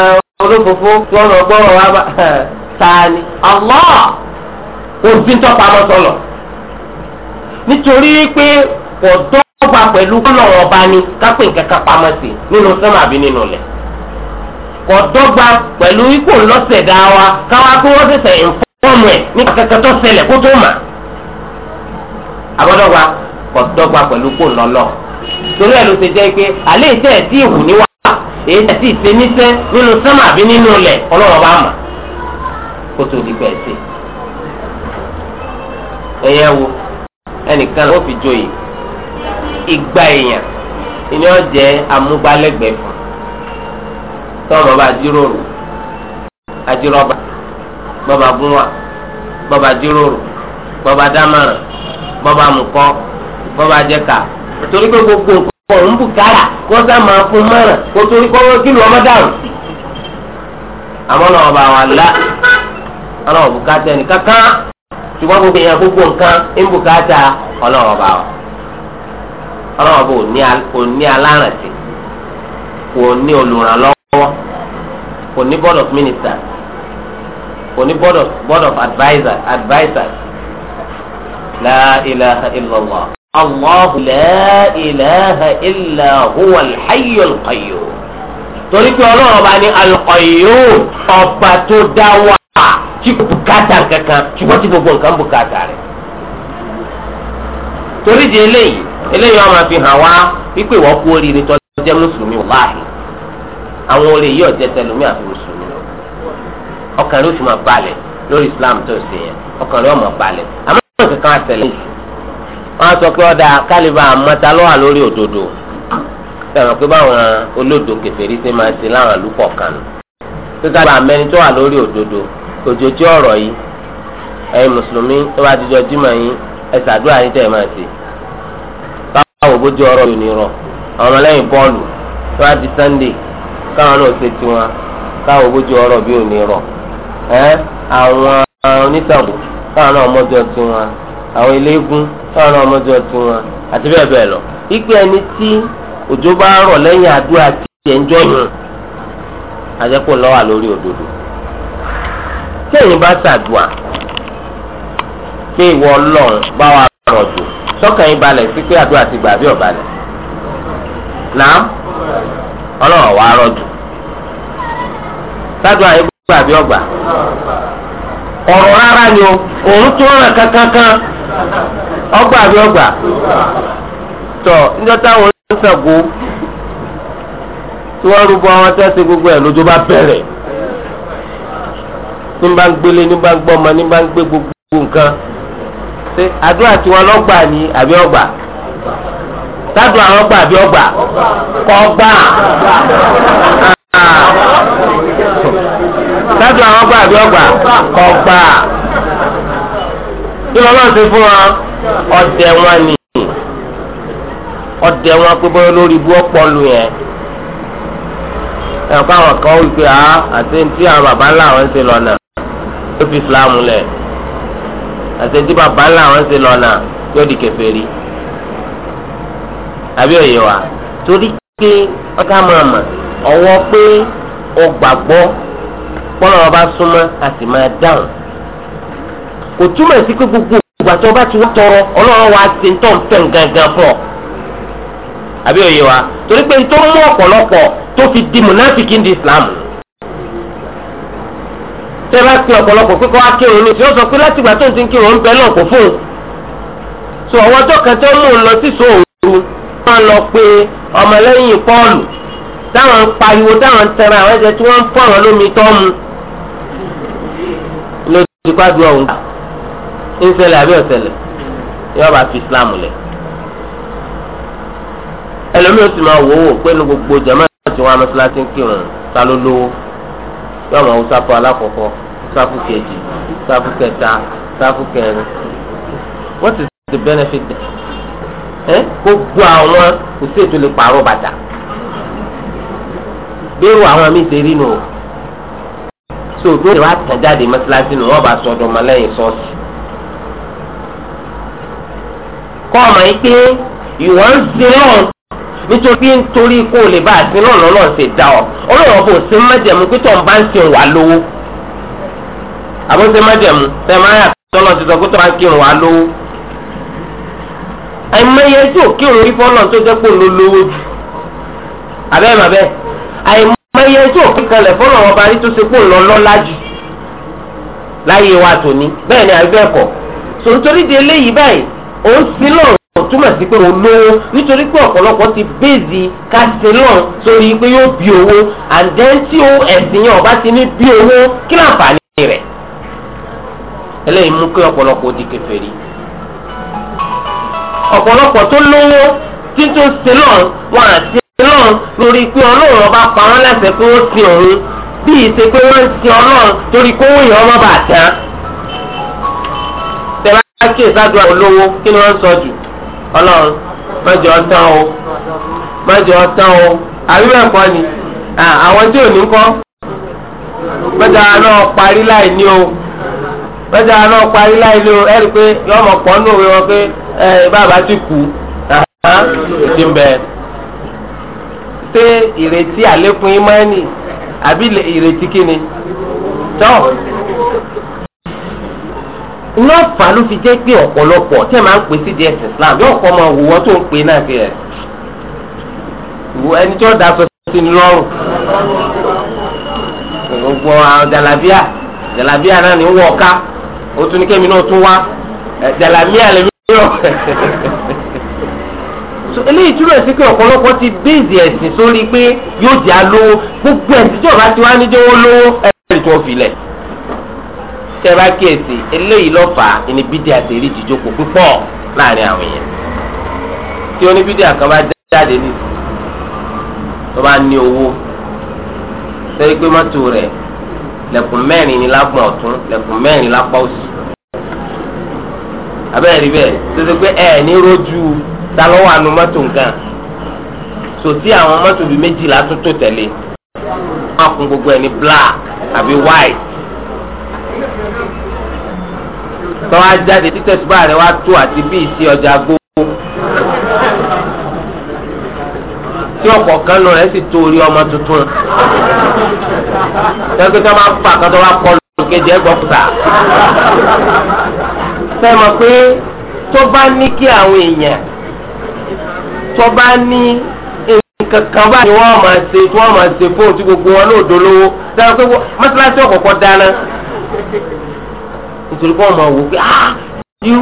olófòfó tí wọ́n gbọ́rọ̀ wá bá ta Allah òfin tọpamọ sọlọ nítorí pé ọdọgba pẹ̀lú kọlọ ọba ni kápẹ nkankan pamọ́ sí nínú sẹmọ àbí nínú lẹ ọdọgba pẹ̀lú ipò ńlọsẹdá wa káwá kó wọn ṣẹ̀ṣẹ̀ ìfọwọmù ẹ ní kankan tó ṣẹlẹ̀ kó tó mà abọdọgba ọdọgba pẹ̀lú kó ńlọlọ torí ẹ ló ṣe jẹ́ pé àlẹ ìṣe ẹ tí ìwù ní wá èyí tẹ sí ìṣe níṣẹ́ nínú sẹmọ àbí nínú lẹ Ọlọ́run ọba mà kó tó di pẹ ṣe. ẹyẹ wo ẹnìkan ló fi joyè ìgbà èèyàn ìní ọ̀jẹ̀ amúgbálẹ́gbẹ̀ẹ́ fún tọ́mọ bá jíròrò ajíròba bọ́ba gúnwà bọ́ba jíròrò bọ́ba dámọ̀ràn bọ́ba mùkọ́ bọ́ba jẹ́ka torí pé gbogbo nǹkan ọ̀hún bùkárà kó ṣùgbọ́n gbogbo èèyàn gbogbo nǹkan ń bùkátà ọlọ́wọ́ bá wa ọlọ́wọ́ bò ní alárànṣe kò ní olùrànlọ́wọ́ kò ní board of ministers kò ní board of board of advisers advisers la ilaha illallah allahu la ilaha illa huwa alhayyul qayyum torí pé ọlọ́wọ́ bá ní alqayyum ọba tó dá wa a tí kò bùkátà kankan ṣùgbọ́n tí gbogbo nǹkan bùkátà rẹ̀. torí di eléyìí eléyìí wọn máa fi hàn wá wípé ìwọ kú oríire tó jẹ́ mùsùlùmí wáhì àwọn olè yìí ọ̀jẹ̀ tẹlumi àti mùsùlùmí lọ ọkàn rẹ̀ ó sì máa balẹ̀ lórí Islam tó ṣe yẹn ọkàn rẹ̀ ó máa balẹ̀ àmọ́ kankan àtẹlẹ́ yìí wọ́n á sọ pé ọ̀dà kálíbà àmọ́ta lọ́wà lórí òdodo sọ̀rọ̀ pé báwọn olódo kèfèrí ṣe máa ṣe láwọn àlùkò kan tó sábà mẹ́ni tó wà lórí òdodo kò jojú ọ̀rọ̀ yìí ẹ̀yin mùsùlùmí tó bá ti jọ jímọ̀ yín ẹ ṣàdúrà yín tẹ̀ máa ṣe. báwo bójú ọ̀rọ̀ yìí àwọn ọmọlẹ́yìn bọ́ọ̀lù tó bá di sunday káwọn náà ṣe tiwọn káwọn bójú ọ̀rọ̀ bí òní rọ. àwọn onítàwọn káwọn náà mọ́jọ tiwọn àwọn eléégún káwọn náà mọ́jọ tiwọn àti bẹ́ẹ̀ bẹ́ẹ̀ lọ. ipe ẹni tí òjò bá rọ̀ lẹ́yìn àdúrà tiẹ̀ ń jọ́yìn àjẹpọ̀ téèyàn bá ṣàdùà pé ìwọ Ọlọ́run bá wa rọ̀ sọ́kàn yín balẹ̀ sí pé àdúrà ti náà Ọlọ́run sádùà ọ̀rọ̀ rárá ni o òun tún kankankan ọgbà ọgbà ní bá ń gbélé ní bá ń gbọ́mọ ní bá ń gbé gbogbo nǹkan ṣé àdúrà tí lọ́gbà ní àbí ọgbà tádùn àwọn ọgbà àbí ọgbà kọgbà ah. tádùn àwọn ọgbà àbí ọgbà kọgbà kí wọn lọ sí fún wọn ọdẹ wọn ni ọdẹ wọn pé bọ́yọ́ lórí ibú ọpọlù yẹn ẹ̀ka àwọn kan wípé a àti tí àwọn bàbá ńlá àwọn ń ṣe lọ́nà ó fi islam lẹ̀ àtẹ̀tí bàbá ńlá wọn ṣe lọ́nà yóò di kèfèrí àbí òye wa torí pé ọ̀ká máa mà ọwọ́ pé o gbàgbọ́ kọ́nà ọba súnmọ́ a sì máa dáhùn kò túmọ̀ sí pé gbogbo ìgbà tí ọba ti wá tọrọ ọlọ́run wa ti ń tàn fẹ́ gangan fún ọ àbí òye wa torí pé n tó mú ọ̀pọ̀lọpọ̀ tó fi di mùnáfíkì ní islam tẹ́ bá pe ọ̀pọ̀lọpọ̀ pé kó wá kírun ní tí ó sọ pé láti ìgbà tó ń ti ń kírun ń bẹ náà kò fóun so àwọn ọjọ́ kan tó mú un lọ sí sòòrù wọ́n lọ pé ọmọlẹ́yìn pọ́ọ̀lù táwọn ń pariwo táwọn ń tẹ̀ra àwọn ẹ̀jẹ̀ tí wọ́n ń fọ̀rọ̀ lómi tọ́ mu ló ti gbájú ọ̀hún gbà ń ṣẹlẹ̀ àbí ọ̀sẹ̀lẹ̀ yóò bá fi Islam lẹ̀ ẹlòmíràn sì máa wò ó pé gbogbo jama yóò máa wọ sáfù alákọ̀ọ́kọ́ sáfù kejì sáfù kẹta sáfù kẹrin what is the benefit there? ẹ gbogbo àwọn kò sí ètò lè pààrọ̀ bàtà bẹ́ẹ̀rù àwọn míì ṣe rí nù so bí wọ́n ti wá tàn jáde mọ́sálásí nù wọ́n bá sọ ọdún ọmọlẹ́yìn sọ́ọ̀sì kọ́ ọmọ yìí pé ìwọ ń sin lọ́wọ́ nítorí nítorí kó o lè bá àti náà lọ́nà ṣe dá ọ ọlọ́run ọba òsín májẹ̀mú pé tọ́n bá ń sin wà lówó àbọ̀sẹ̀ májẹ̀mú tẹ̀ máa yà tọ́lọ̀ ti sọ pé tọ́n bá ń kírun wà lówó àìmọye tí ò kírun rí fọ́nà tó jẹ́ pé òun lówó jù àbẹ́ẹ̀ màbẹ́ àìmọye tí ò kí kalẹ̀ fọ́nà ọba rí tó ṣe pé òun lọ́lá jù láyé wa tòní bẹ́ẹ̀ ni àbẹ́ẹ̀ kọ̀ sòńtórí di eléyìí báyìí òun sí kò túmọ̀ sí pé olówó nítorí pé ọ̀pọ̀lọpọ̀ ti bèèzì kásílọ̀n sórí pé yóò bí owó and then tí o ẹ̀sìn yẹn ọba ti ní bí owó kí láǹfààní rẹ̀ eléyìí mú kí ọ̀pọ̀lọpọ̀ di kèfèrí ọ̀pọ̀lọpọ̀ tó lówó tí tó sílọ̀n wọn àti sílọ̀n lórí pé ọlọ́run ọba pa wọn láṣẹ pé ó sin òun bí ìṣe pé wọ́n ń sin ọlọ́run torí kó wòye ọmọ bàtà tẹ̀lá ọlọ́run mẹ́jọ ọtán o mẹ́jọ ọtán o àbíbẹ̀ ẹ̀kọ́ ni àwọn tí ò ní kọ́ mẹ́jọ àná parí láì ní o mẹ́jọ àná parí láì ní o ẹ̀rí pé yọmọ pọ̀ nù òwe wọn pé ẹ bàbá ti kú ti ń bẹ ṣé ìrètí àlékún ìmọ̀ ẹni àbí ìrètí kíni tọ́ iná fà ló fi jẹ́ pé ọ̀pọ̀lọpọ̀ tẹ́ máa ń pè sí di ẹ̀sìn Islam yóò kọ́ ọmọ òwò tó ń pè náà fi ẹ̀ ẹni tí wọ́n da aṣọ sí ni lọ́rùn gbogbo àwọn jalabia jalabia náà ni ń wọ ọ̀ka ó tún ní kémi náà tún wá jalabia lè mí rọ eléyìí túbọ̀ sí pé ọ̀pọ̀lọpọ̀ ti bèèzì ẹ̀sìn sórí pé yóò jẹ́ alówó gbogbo ẹ̀sìn tí ọ̀bá ti wá níjẹ́ owó lówó ẹ̀sìn tẹ́lá kíyèsí eléyìí ló fà á ẹni bídíà ti rí ìjìjókòó púpọ̀ láàrin àwọn èèyàn tí oníbídíà kan bá jáde ní tó bá ní owó sẹ́yìn pé mọ́tò rẹ̀ lẹ̀kùn mẹ́rin ní lápọ̀n ọ̀tún lẹ̀kùn mẹ́rin lápá òsì abẹ́rẹ́ rí bẹ́ẹ̀ tó ṣe pé ẹ̀ ní rojú ta lọ́wọ́ àánú mọ́tò nǹkan sòtí àwọn mọ́tò bíi méjìlá tó tó tẹ̀lé wọn kún gbogbo ẹ̀ ní black àbí white. tó wá jáde títẹ̀ síbà rẹ̀ wá tó àti bí ìsí ọjà gbó. tí ọ̀pọ̀ kan nù rẹ̀ sì tó orí ọmọ tuntun. tẹ́gbẹ́ ká máa ń fà kan tó wá kọ́ lóun kejì ẹ̀ gbọ́kùtà. sẹ́ẹ̀ mọ̀ pé tó bá ní kí àwọn èèyàn tó bá ní kankan báyìí ni wọ́n máa ṣe tí wọ́n máa ṣe fóònù tí gbogbo wọn lóòdó lówó. sẹ́ẹ̀ mọ̀ pé mọ́tíláṣí ọ̀kọ̀ọ̀kọ̀ dáná nítorí kó ọmọ wò pé ah irú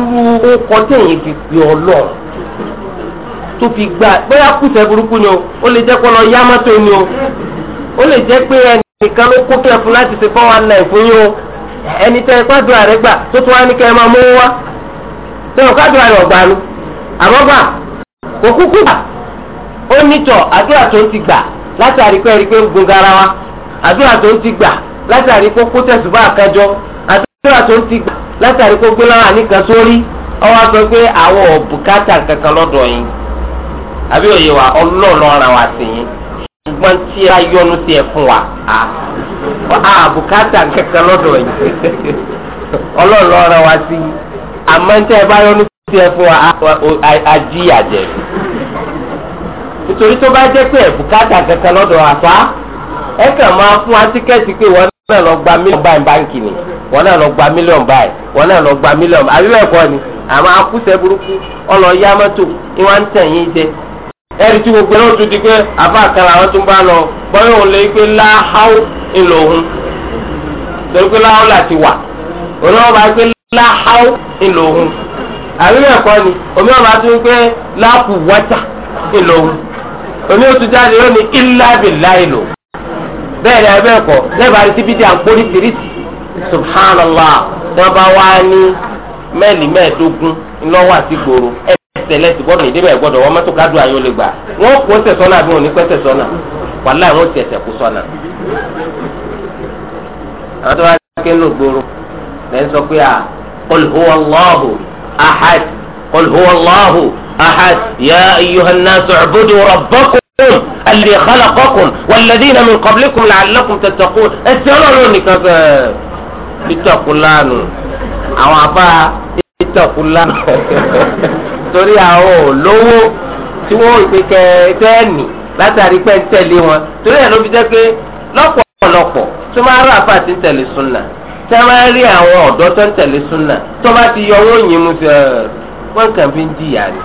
ọkọ tẹ̀yìn fi pè ọ lọ tó fi gbà bóyá kùsẹ̀ burúkú ni o ó lè jẹ́ kó lọ yá mọ́tò ni o ó lè jẹ́ pé ẹnìkan ló kó kẹ́ẹ̀ fún láti ṣe fọ́ wa nà ẹ̀fún yín o ẹni tẹ́ ẹ gbàdúrà rẹ gbà tó tún wá ní kẹ́ ẹ máa mú wá tẹ́ ọ gbàdúrà rẹ ọ̀gbà ni àmọ́ gbà kò kúkú gbà ó nítọ̀ àdúrà tó ń ti gbà látàrí pé ẹ̀rí pé ń gun garawa àdúrà tó ń ti gbà látàrí pé kó tẹ̀sùbá àkájọ tíra tó ń ti gbà látàrí kó gbé láwọn àníkan sórí ọwọ́ sọ pé àwọn ọ̀bùkátà kankan lọ́dọ̀ yín àbí òye wa ọlọ́ọ̀lọ́ ara wa sì yín ṣùgbọ́n tí a yọnu sí ẹ fún wa àbùkátà kankan lọ́dọ̀ yín ọlọ́ọ̀lọ́ ara wa sí yín àmọ́ tí ẹ bá yọnu sí ẹ fún wa àjíyà jẹ nítorí tó bá jẹ́ pé ẹ̀bùkátà kankan lọ́dọ̀ àfa ẹ kàn máa fún wa tíkẹ́ẹ̀tì pé wọ́n náà lọ gba mílíọ̀nù báyìí báńkì ni wọn náà lọ gba mílíọ̀nù báyìí wọn náà lọ gba mílíọ̀nù àbí bẹ́ẹ̀ kọ́ ni àmọ́ akúṣẹ́ burúkú ọlọ yá mọ́tò ni wọ́n ń tẹ̀ yín jẹ. ẹ̀rí tí gbogbo náà tún di pé àbá kan làwọn tún bá lọ bọ́yọ̀ òun lè pé láháù ńlò òun torí pé láháù láti wà òun náà bá pé láháù ńlò òun àbí bẹ́ẹ̀ kọ́ ni omi ọ̀bá tún pé láàpù wájà ńlò òun omi ò bẹ́ẹ̀ ni abẹ́ ẹ̀kọ́ lẹ́bàá rí síbi dí tìrìtì subhanallah tí wọ́n bá wá ní mẹ́ẹ̀lì mẹ́ẹ̀ẹ́dógún ńlọ́wọ́ si gbòòrò ẹ̀sẹ̀ lẹ́sìn gbọ́dọ̀ ìdíbẹ̀ gbọ́dọ̀ wọ́n mọ́tò kádùn ayé ó lè gbà wọ́n kó àbí wọn ní pẹ́ sẹ̀sọ́nà wàhálà wọn ti kó الذي خلقكم والذين من قبلكم لعلكم تتقون ẹsẹ̀rọ̀ nìkan fẹ́ ìtọ̀kùnlánu àwọn afá ìtọ̀kùnlánu torí àwọn olówó tí wọ́n ìpè kẹ́ẹ̀ẹ́nì látàrí pé ń tẹ̀lé wọn torí ẹ̀ ló fi jẹ́ pé lọ́pọ̀lọpọ̀ tó máa rà fà tí ń tẹ̀lé súnà tí máa rí àwọn ọ̀dọ́ tó ń tẹ̀lé súnà tó bá ti yọ owó yìí mú sí wọ́n kàn fi ń jìyà ni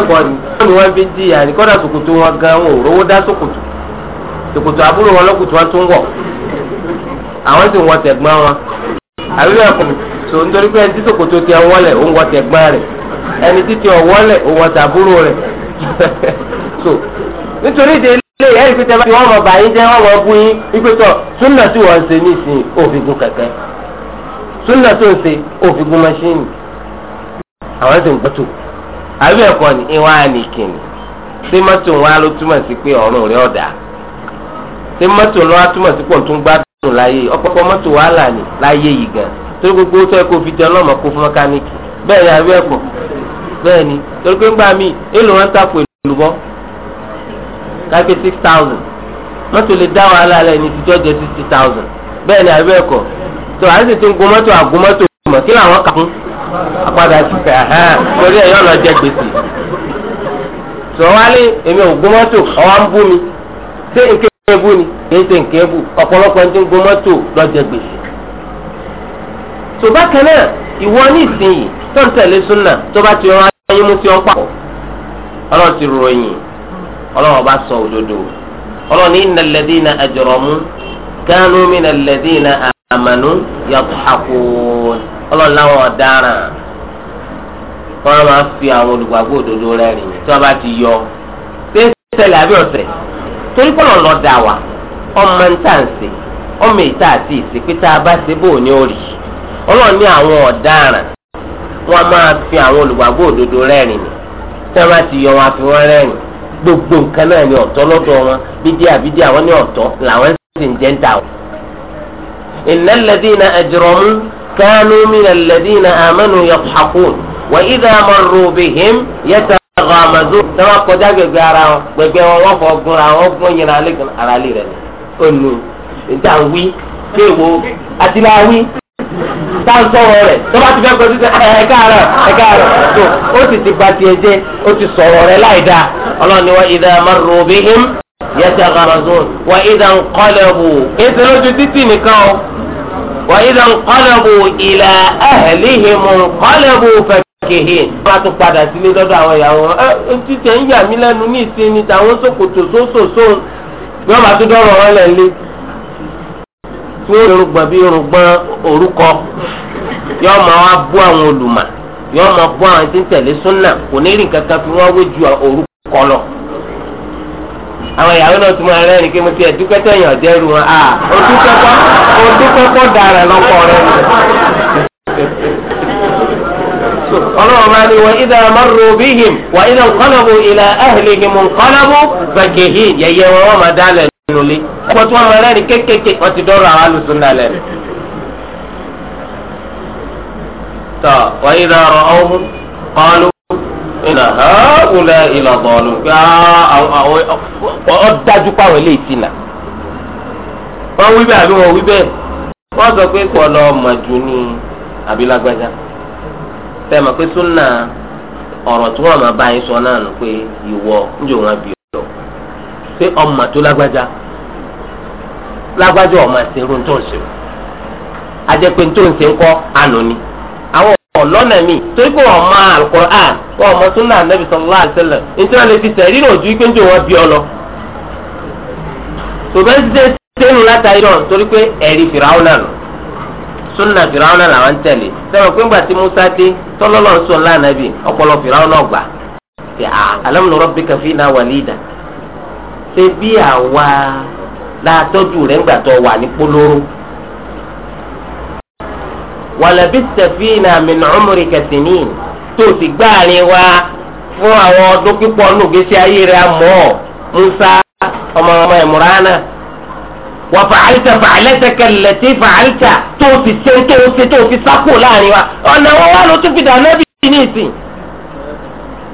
ẹ̀kọ́ ni wọ́n ni wọ́n fi ń jìyà ní kọ́dà ṣòkòtò wọn gan wọn ò rówó dá ṣòkòtò ṣòkòtò àbúrò wọn lọ́kùtù wọn tún wọ̀ àwọn sì ń wọ tẹ̀gbọ́n wọn àbí ẹ̀kọ́ tó ń torí pé ẹni tí ṣòkòtò tiẹ̀ wọ́lẹ̀ ó ń wọ tẹ̀gbọ́n rẹ̀ ẹni tí tiẹ̀ wọ́lẹ̀ ó wọ tàbúrò rẹ̀ so nítorí ìdè ilé ẹ̀rí pé tẹ́lá wọn mọ̀ báyìí jẹ́ wọn mọ̀ bú yín wípé tọ̀ súnà tí wọ́n ń ṣe nísìnyí òfin gun kẹ̀kẹ́ súnà tó ń ṣe òfin gun mọ́ṣíìnì àbí ẹ̀kọ́ ni ìwà ànìkìnì tí mọ́tò wọn á ló túmọ̀ sí pé ọ̀run rẹ̀ ọ̀dà ṣé mọ́tò wọn á túmọ̀ sí pọ̀ tó ń gbádùn láyé ọ̀pọ̀pọ̀ mọ́tò láyé yìí gan torí gbogbo tó ẹ kó fi jẹ ọlọ́mọ kó fún mọ́kánìkì bẹ́ẹ̀ ni àbí ẹ̀kọ́ bẹ́ẹ̀ ni torí pé ńgbà èlò wọn èlò bọ́ six thousand mọ́tò lè dá wàhálà ní jẹ sixty thousand bẹ́ẹ̀ ni àbí ẹ̀kọ́ apádà síta hàn torí ẹ̀ yọ lọ jẹ gbèsè sọ̀wálé èmi ò gbọ́ mọ́tò ọ̀wá ń bú mi ṣé nké bú ni kì í ṣe nké bú ọ̀pọ̀lọpọ̀ ẹni tó ń gbọ́ mọ́tò lọ jẹ gbèsè. sọ̀bákẹ́ náà ìwọ ní ìsinyìí tó ń súnà tó bá ti rán ayé mú sí ọ́n ọlọ́run ti ròyìn ọlọ́run ọba sọ òdodo ọlọ́run ní innal amanu yadhakun ọlọ́run láwọn ọ̀daràn wọ́n máa fi àwọn olùgbàgbọ́ òdodo rẹ́rìn tí wọ́n bá ti yọ pé ṣẹlẹ̀ àbí ọ̀sẹ̀ torí kọ́ lọ́ọ́ lọ dà wá ọmọ ń tà ń sè ọmọ ìta àti ìsè bá ṣe bò ní òrì ọlọ́run ní àwọn ọ̀daràn wọ́n máa fi àwọn olùgbàgbọ́ òdodo rẹ́rìn ni tí wọ́n bá ti yọ wọn àfi wọ́n rẹ́rìn gbogbo nǹkan náà ni ọ̀tọ̀ lọ́dọ̀ wọn bídíà bídíà wọn ní ọ̀tọ̀ làwọn sì ń jẹ́ ń tà wọn. إن الذين أجرموا كانوا من الذين آمنوا يضحكون وإذا مروا بهم يتغامزون تما قجا غغارا غغه وان فو غرا وان فو ينا لكن ارا لي رن onu nta wi tewo àti la wi ta sọ̀rọ̀ rẹ̀ tó bá ti fẹ́ kọjú sí ẹ káàárọ̀ ẹ káàárọ̀ tó ó sì ti ba tiẹ̀ jẹ́ ó ti sọ̀rọ̀ rẹ̀ láì dáa ọlọ́ni wa ìdá marubihim yatagharazun wa idha nqalabu èsì lójú títì nìkan o wa idan nqalabu ila ahlihim nqalabu fakihin. wọ́n á tún padà sílé lọ́dọ̀ àwọn ìyàwó wọn ẹ títí ń yà mí lẹ́nu ní ìsinmi tàwọn sòkòtò sósòsò wọ́n tún dọ́rọ̀ wọn lé tí bí orúkọ máa wá bú àwọn olùmọ̀ máa bú àwọn súnà kò ní àwọn ìyàwó náà tún máa rẹ́rìn kí mo ti ẹ̀dúpẹ́ tẹ̀yìn ọ̀dẹ́rù wọn à òdúpẹ́pọ́ dára lọ́kọ̀ rẹ̀ ọlọ́run bá ní wọ́n ìdá márùn bíhìm wọ́n ìdá nkọ́nàbù ìlà ẹ̀hìnlẹ́gì mú nkọ́nàbù gbàgéhì yẹyẹ wọn wọ́n máa dá lẹ̀ lólé ẹ̀kọ́ tí wọ́n máa rẹ́rìn kékèké wọ́n ti dọ́rọ̀ àwọn alùsùn náà lẹ́nu. ìnà ọ̀húnlẹ̀ ìlà bọ̀ọ̀lù ọ dájú pàwọn eléyìí ti nà. wọ́n wí bẹ́ẹ̀ àbí wọ́n wí sọ pé kọ́ lọ mọ̀jú ní abilágbájá. sẹ́mi pé súnà ọ̀rọ̀ tí wọ́n máa bá yín sọ náà nù pé ìwọ ọ. pé ọmọ tó lágbájá lágbájá ọmọ irun tó ń ṣe. tó ni wọn lọ́nà mi torí pé wọn mọ alukur'an wọn mọ sunna anabi sallallahu alayhi wa sallam nítorí wọn lè fi sẹ̀rí náà ju ikpe ń jò wọn bí ọ lọ. tòbẹ́ ti dé sẹ́nu látàrí náà torí pé ẹ̀rí fìràwọ́nà nù sunna fìràwọ́nà làwọn ń tẹ̀lé sẹ́wọ̀n pé ńgbà tí musa dé tọ́lọ́lọ́ ń sọ lánàbì ọpọlọ fìràwọ́nà gbà pé alam nurabbika fina walida ṣe bí àwa látọ́jú rẹ̀ ńgbà tó wà ní polówó wàlẹ́bí sẹ̀fínà min umrika sinin tó sì gbáàrin wa fún àwọn ọdún pípọ̀ nù gbèsè ayé rẹ̀ mọ́ Musa ọmọ ọmọ Imrana wà fàálítà fàálítà kẹlẹ̀tì fàálítà tó fi ṣe tó ṣe tó fi sápò láàrin wa ọ̀nà wọn wà ló tún fi dà nábì ní ìsìn.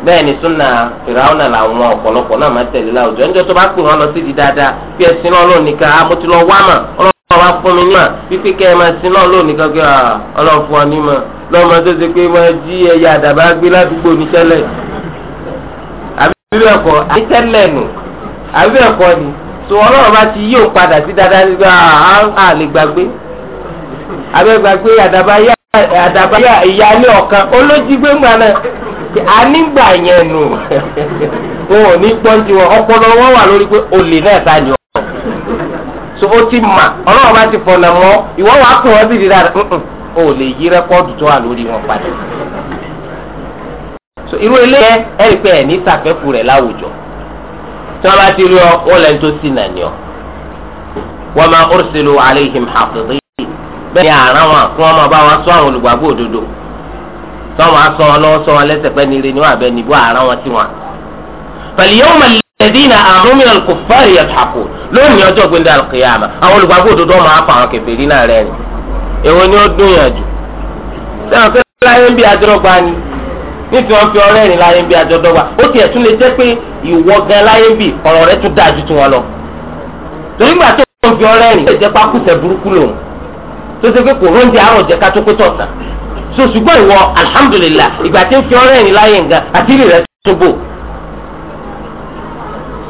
bẹ́ẹ̀ ni súnà fìràwọ̀nà làwọn ọ̀pọ̀lọpọ̀ náà máa tẹ̀lé láwùjọ níjọ́ tó bá pè wọ́n lọ ọba fún mi nímọ̀ wípé kẹ́ ẹ máa sin náà lónìí kankan à ọlọ́fun ọ nímọ̀ lọ́mọ tó ṣe pé jí ẹyẹ àdàbà gbé ládùúgbò ní tẹ́lẹ̀ àbí tẹ́lẹ̀ nù ni tó ọlọ́run bá ti yí òun padà sí dáadáa nígbà à lè gbàgbé abẹ́gbàgbé àdàbà ya ọ̀kan olójígbé ńgbà náà yẹn nù ò ní wọn ọpọlọ wọn wà lórí pé olè náà ta ni so ó ti mà ọlọ́run bá ti fọ̀nà mọ́ ìwọ wàá kún wọn bìrì dáadáa o lè yí rẹ́kọ́ọ̀dù tó wà lórí wọn padà so irú eléyẹ ẹ̀rí pé ẹ̀ ní sàfẹ́kù rẹ̀ láwùjọ tí wọ́n bá ti rí ọ ó lẹ́ni tó sì nà ní ọ wa ma ursilu alayhim hafidhin bẹ́ẹ̀ ni àrà wọn kí wọ́n máa bá wọn sọ àwọn olùgbàgbọ́ òdodo tí wọ́n máa sọ wọn lọ́wọ́ sọ wọn lẹ́sẹ̀ pẹ́ ni ire ni wọ́n àbẹ́ níbú àrà wọn sí wọn. fal yawmal ẹdínà àrùnmí ọlùkùfárì yàtàkù lónìí ọjọ́ gbẹndé alùkìyàmà àwọn olùgbàgbọ́ òdodo ọmọ afa àwọn kẹfẹẹrí náà rẹ ni èwo ni ó dún yàn jù sẹ́wọ̀n pé láyé ń bí adúrọ́gba ni nítorí wọ́n fi ọ̀rẹ́ rìn láyé ń bí adúrọ́gba ó tiẹ̀ tún lè jẹ́ pé ìwọ gan láyé ń bí ọ̀rọ̀ rẹ tún dáa ju tiwọn lọ torí gbà tó ń fi ọ̀rẹ́ rìn ó lè jẹ́ pákúsẹ̀ burúkú lòun tó ṣe pé kò róúnjẹ àrùn jẹ́ ká tó pé tọ̀sán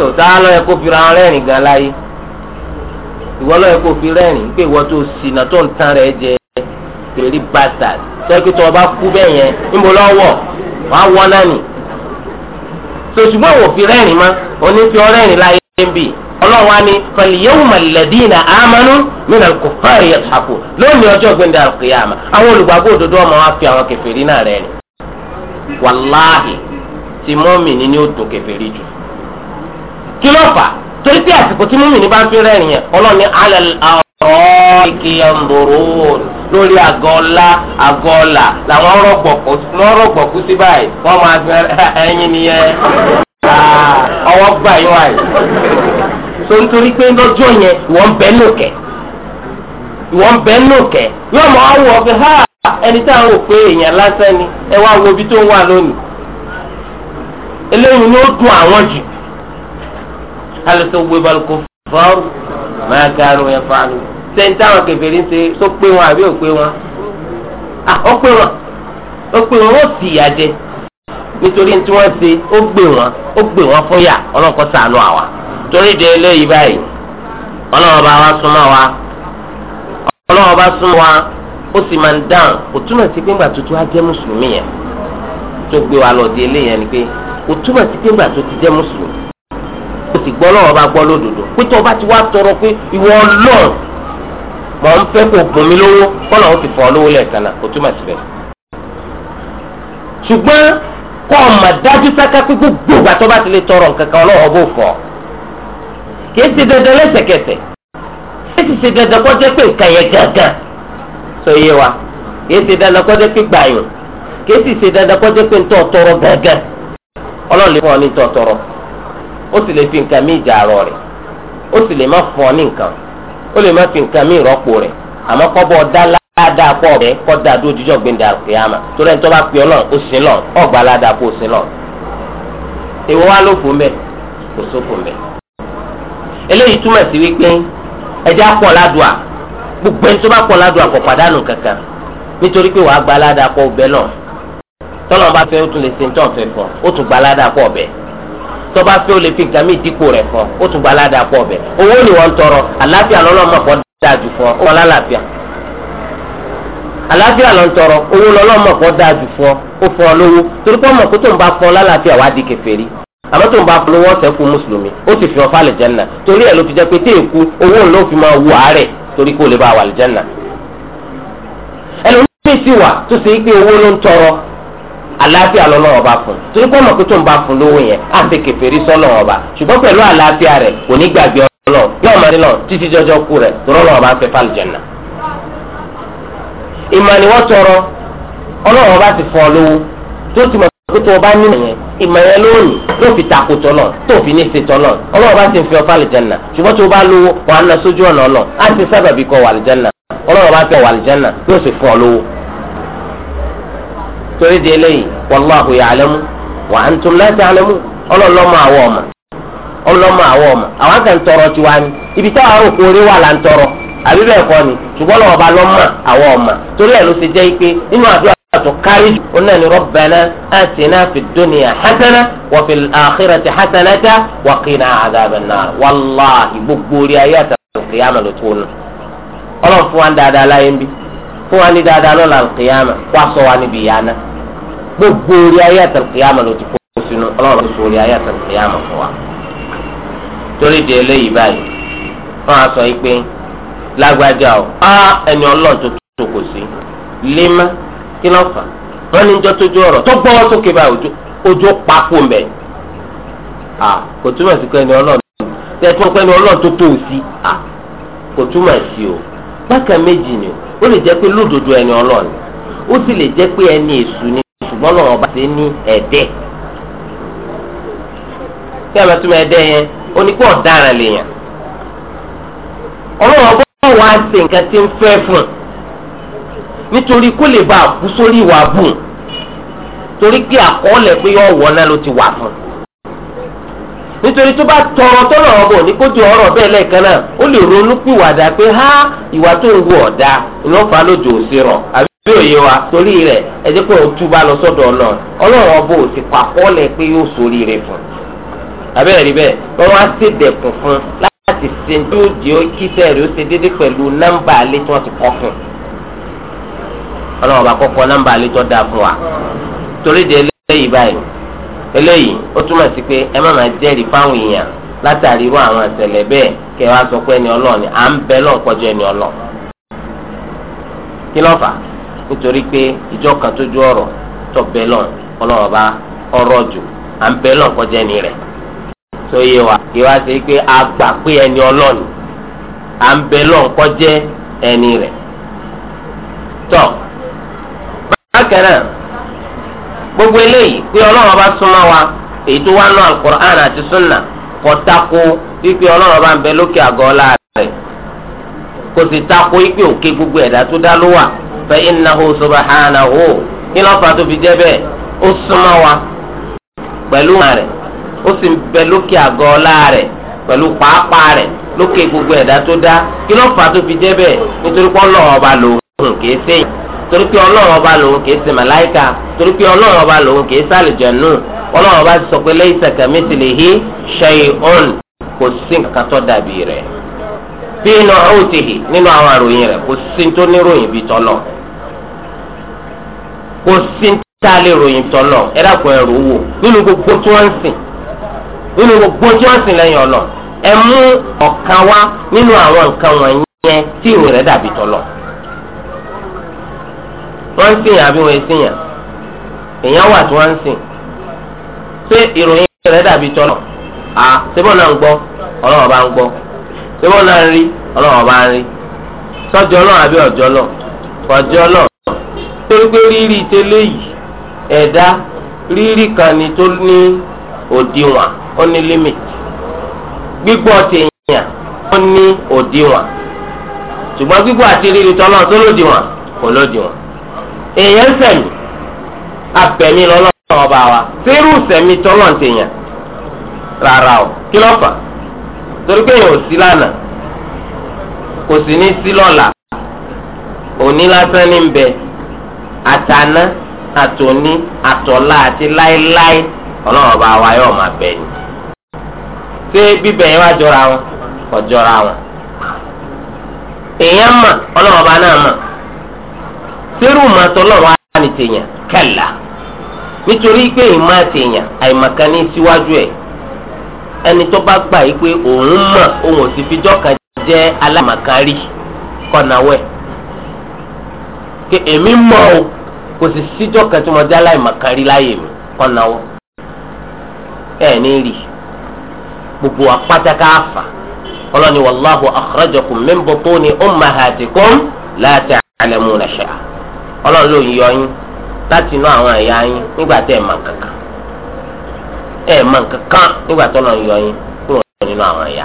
tó tá a lọ yẹ kó fi ra wọn rẹ́rìn gan láyé ìwọ lọ yẹ kó fi rẹ́rìn pé ìwọ tó ṣìnà tó ń tan rẹ jẹ kiri bastard tẹ́kí tó o bá kú bẹ́ẹ̀ yẹn níbo lọ́ wọ̀ wàá wọ́ náà nì. sòṣùgbọ́n wò fi rẹ́rìn mọ́ onífi ọrẹ́rìn láyé ń bì ọlọ́run wa ni fal-yawma alladhina amanu min al-kuffari yadhaku lónìí ọjọ́ gbẹ̀ndẹ̀ al-qiyama àwọn olùgbàgbọ́ òdodo ọmọ wa fi àwọn kèfèrí náà rẹ́rìn. wàláhì tìmọ́mì ni ni ó dùn kèfèrí jù kí ló fà torí pé àsìkò tí múmi ní bá ń fi rẹ́rìn yẹn ọlọ́ni alẹ́ ọ̀rọ̀ ìkè ọ̀ndòrò lórí àgọ́ ọ̀la àgọ́ ọ̀la làwọn ọ̀rọ̀ gbọ̀kú sí báyìí wọ́n máa gbẹ ẹyin nìyẹn ah, ọwọ́ gbà yín wáyé tó ń torí pé lọ́jọ́ yẹn ìwọ́n ń bẹ lókè ìwọ́n ń bẹ lókè yóò mọ àwọ̀ ọ̀gbìn ha ẹni tá à ń pé èèyàn lásán ni ẹ wá wo ibi tó ń wà lónìí hal thawwaba al-kuffar ma kanu yaf'alu sẹ́ńtà àwọn kèfèrí ń ṣe tó pé wọn àbí ò pé wọn o pé wọn ó pé wọn ó sì yà jẹ nítorí tí wọ́n ṣe ó gbé wọn o gbé wọn fún yà ọlọ́kọ̀ sànù àwa torí de eléyìí báyìí ọlọ́wọ́ bá wa súnmọ́ wa ọlọ́wọ́ bá súnmọ́ wa o sì máa ń dáhùn o túmọ̀ sí pé ńgbà tuntun á jẹ́ mùsùlùmí yẹn tó gbé wa lọ di eléyìí yẹn ni pé kò túmọ̀ sí pé ńgbà tó ti jẹ́ o sì gbọ́ lọ́wọ́ bá gbọ́ lódodo pé tó o bá ti wá tọrọ pé ìwọ náà mọ̀ ń fẹ́ kó gùn mí lówó kọ́nà ó ti fọ́ lówó lẹ́ẹ̀kan náà kò túmọ̀ síbẹ̀. ṣùgbọ́n kọ́ ọ mà dájú sáká pé gbogbo ìgbà tó bá ti lè tọrọ nǹkan kan ọlọ́wọ́ bó fọ́ kì í ṣe dandan lẹ́sẹ̀kẹsẹ̀ kì í ṣe dandan kọ́ jẹ́ pé nǹkan yẹn gangan sọ iye wa kì í ṣe dandan kọ́ jẹ́ pé gbàyàn kì í ṣe dandan kọ́ jẹ́ pé ń tọrọ gangan ọlọ́run ní tọ́ tọrọ ó sì lè fi nǹkan míì jà arọ rẹ̀ ó sì lè má fún ọ ní nǹkan ó lè má fi nǹkan míì rọ́pò rẹ̀ àmọ́ kọ́bọ̀ ọ̀dá ládàá pọ̀ bẹ́ẹ̀ kọ́ da dúró jíjọ́ gbẹ̀ndà kìámà torí ẹni tó bá pè ọlọ́run ó sin lọ́run ọ̀gbà ládàá kó sin lọ́run. èwo wá ló fún bẹ́ẹ̀ kò sófin bẹ́ẹ̀. eléyìí túmọ̀ sí wípé ẹja pọ̀ ládùá gbogbo ẹni tó bá pọ̀ ládùá kò pàdánù kankan nítorí pé wàá gba ládàá pọ̀ bẹ́ẹ̀ lọ tọ́lọ́run bá fẹ́ ó tún lè ṣe ń tọ́ tọba fẹ́ o lè fi nǹkan mi dípò rẹ̀ fún ọ ó tún gba aládàá pọ̀ bẹ̀ owó ni wọ́n ń tọrọ àlàáfíà lọ́lọ́mọ kọ́ dáa jù fún o ó wọn lálàáfíà àlàáfíà ló ń tọrọ owó lọ́lọ́mọ kọ́ dáa jù fún ọ ó fún ọ lówó torí pé ọmọ kó tó ń bá fún ọ lálàáfíà wàá di kèfèrí àmọ́ tó ń bá fún ọ wọ́n sẹ́kù mùsùlùmí ó ti fi ọ fálẹ̀ jẹ́nà torí ẹ̀ ló fi jẹ́ pé tí èkú owó ló fi máa wù àárẹ̀ torí kó lè bá wà lè jẹ́nà ẹlòmíì àlàáfíà lọ́lọ́wọ́ bá fún torí pé ọmọ kótó ń bá fún lówó yẹn á fi kẹfẹ́rí sọ́lọ́wọ́ bá ṣùgbọ́n pẹ̀lú àlàáfíà rẹ̀ kò ní gbàgbé ọlọ́ yóò máa nílọ títí jọjọ kú rẹ̀ tòrọ́ lọ́wọ́ bá fẹ́ fàlùjẹ̀nà. ìmọ̀ ni wọ́n tọrọ ọlọ́wọ́ bá ti fọ́ lówó tó ti mọ̀ pé tó o bá nímọ̀ yẹn ìmọ̀ yẹn lónìí yóò fi takò tọ́lọ̀ tó fi ní ṣe tọ́lọ̀ ọlọ́wọ́ bá ti fi ọ fàlùjẹ̀nà ṣùgbọ́n tó bá lówó wàá ná sójú ọ̀nà ọlọ́ á ti sábàbí kọ wàlùjẹ̀nà ọlọ́wọ́ bá fẹ́ wàlùjẹ̀nà yóò sì fún ọ lówó torí di eléyìí wallahu ya'lamu wa antum la ta'lamu ọlọ́lọ́mọ àwọ̀ ọ̀mà ọlọ́mọ àwọ̀ ọ̀mà àwọn kan tọrọ tiwa ni ibi táwọn òkú orí wà là ń tọrọ àbí bẹ́ẹ̀ kọ́ ni ṣùgbọ́n lọ́wọ́ bá lọ́mọ àwọ̀ ọ̀mà torí ẹ̀ ló ti jẹ́ pé nínú àdúrà tó kárí jù ó náà ní rabbana atina fid dunya hasana wa fil akhirati hasanata wa qina adhaban nar wàláhi gbogbo orí ayé àtàkùn kìyàmà ló tó nù ọlọ́run gbogbo orí ayé àtàlùkìyàmà ló ti kó sínú ọlọ́run tó so orí ayé àtàlùkìyàmà fún wa. torí di eléyìí báyìí wọ́n á sọ pé lágbájá o á ẹni ọlọ́run tó tó kò sí lima kí ló fà wọ́n ní jọ́ tójú ọ̀rọ̀ tó gbọ́ sókè báyìí ojú pákó mbẹ́ kò túmọ̀ sí pé ẹni ọlọ́run tẹ̀tún pé ẹni ọlọ́run tó tó sí kò túmọ̀ sí o bákan méjì ni o lè jẹ́ pé lódodo ẹni ọlọ́run ó sì lè jẹ́ pé ẹni èṣù ni ṣùgbọ́n lọ́wọ́ bá ṣe ní ẹ̀dẹ́ kí ẹ bá túmọ̀ ẹ̀dẹ́ yẹn ó ní kó ọ̀daràn lèèyàn ọlọ́wọ́ bá wà á ṣe nǹkan tí ń fẹ́ fún nítorí kó lè bá sórí ìwà torí ti wà fún nítorí tọrọ tọrọ ọbọ ní kó bẹ́ẹ̀ lẹ́ẹ̀kan náà ó lè ronú pìwàdà pé há ìwà tó ń wù ọ̀dà bí òye wa torí rẹ̀ ẹ jẹ́ pé òtún bá lọ sọ́dọ̀ Ọlọ́run Ọlọ́run ọbọ ò sì pàkọọlẹ pé yóò sórí rẹ̀ fún abẹ́rẹ́ rí bẹ́ẹ̀ wọ́n wá sí ìdẹ̀kùn fún láti ṣe tí ó jẹ́ kíṣẹ́ rẹ̀ ó ṣe déédéé pẹ̀lú nọ́mbà alẹ́ tí wọ́n ti kọ́ fún Ọlọ́run ọba kọ́kọ́ nọ́mbà alẹ́ tó dáa fún wa torí de eléyìí báyìí eléyìí ó túmọ̀ sí pé ẹ má máa jẹ́rìí fáwọn èèyàn látàrí irú àwọn àṣẹlẹ̀ bẹ́ẹ̀ kẹ́ sọ pé ẹni Ọlọ́run à ń bẹ lọ́nkọjọ́ ẹni Ọlọ́run kí ló fà á nítorí pé ìjọ kan tó ju ọ̀rọ̀ tó bẹ lọ Ọlọ́run bá ọ̀rọ̀ jù à ń bẹ lọ kọjá ẹni rẹ tó yé wa kí wá sí pé a gbà pé ẹni Ọlọ́run à ń bẹ lọ kọjá ẹni rẹ tọ bákan náà gbogbo eléyìí pé Ọlọ́run bá súnmọ́ wa èyí tó wá nù alukur'an àti sunna kò tako wípé Ọlọ́run bá ń bẹ lókè àgọ́ ọlá rẹ̀ kò sì tako wípé òkè gbogbo ẹ̀dá tó dá ló wà fa innahu subhanahu kí ló fà fi jẹ́ bẹ́ẹ̀ ó súnmọ́ wa pẹ̀lú ọmọ rẹ̀ ó sì bẹ lókè àgọ́ ọlá gbogbo ẹ̀dá tó dá kí ló fà fi jẹ́ bẹ́ẹ̀ nítorí pé ọba lòun kìí torí pé ọba lòun kìí màláìka torí pé ọba lòun kìí ọba sọ pé kò sí nǹkan tó dàbí rẹ̀ nínú kò sí tá a lè ròyìn tọ́lọ̀ ẹ dàpọ̀ ẹ̀rù wò nínú gbogbo tí wọ́n ń sìn nínú gbogbo tí wọ́n ń sìn lẹ́yìn ọ̀lọ́ ẹ mú ọ̀kan wá nínú àwọn nǹkan wọ̀nyí yẹn tí ìwé rẹ̀ dàbí tọ́lọ̀ wọ́n ń sìn àbí wọ́n ń sìn yàn èèyàn wà tí wọ́n ń sìn ṣé ìròyìn rẹ̀ dàbí tọ́lọ̀ à ṣébọ̀ náà ń gbọ́ ọlọ́wọ́ bá ń gbọ́ ṣébọ̀ náà ń rí ọlọ́wọ́ bá ń rí sọ́jọ́ náà àbí ọ̀jọ́ náà ọ̀jọ́ náà torí pé rírì tẹ́lẹ̀ yìí ẹ̀dá rírì kan ni tó ní òdiwọ̀n ó ní limit gbígbọ́ tèèyàn ó ní òdiwọ̀n ṣùgbọ́n gbígbọ́ àti rírì tọ́lọ́ tó lòdìwọ̀n kò lòdìwọ̀n èèyàn ń sẹ̀mí abẹ̀mí lọ́lọ́run ọba wa sẹ́rù sẹ̀mí tọ́lọ́ tèèyàn rárá o kí ló fà torí pé èèyàn ò sí lánàá kò sì ní sí lọ́la òní lásán ní ń àtàná Atoni Atola àti láéláé ọlọ́run ọba wa yóò máa bẹ̀ ni. ṣé bíbẹ̀ yẹn jọra wọn wọn. èèyàn mà ọlọ́run ọba náà mà sẹ́rù mà tọ́lọ́run á ni tèèyàn kẹ́là nítorí pé ìmọ̀ àìmọ̀kan ní síwájú ẹ̀ ẹni tó bá gbà yí mọ̀ òun ò sì fi jẹ́ pé èmi mọ̀ o kò sì síjọ́ kan tí mo dá láì mà kan rí láyè mi kọ́ náwó ẹ̀ ní rí gbogbo apátákà àfà ọlọ́ni wàláhu akhrajakum min butuni ummahatikum la ta'lamuna shay'a ọlọ́run ló ń yọ yín láti inú àwọn ẹ̀yà yín nígbà tẹ́ ẹ̀ mọ̀ kankan ẹ̀ mọ̀ kankan nígbà tó lọ́n yọ yín kúrò nínú àwọn ẹ̀yà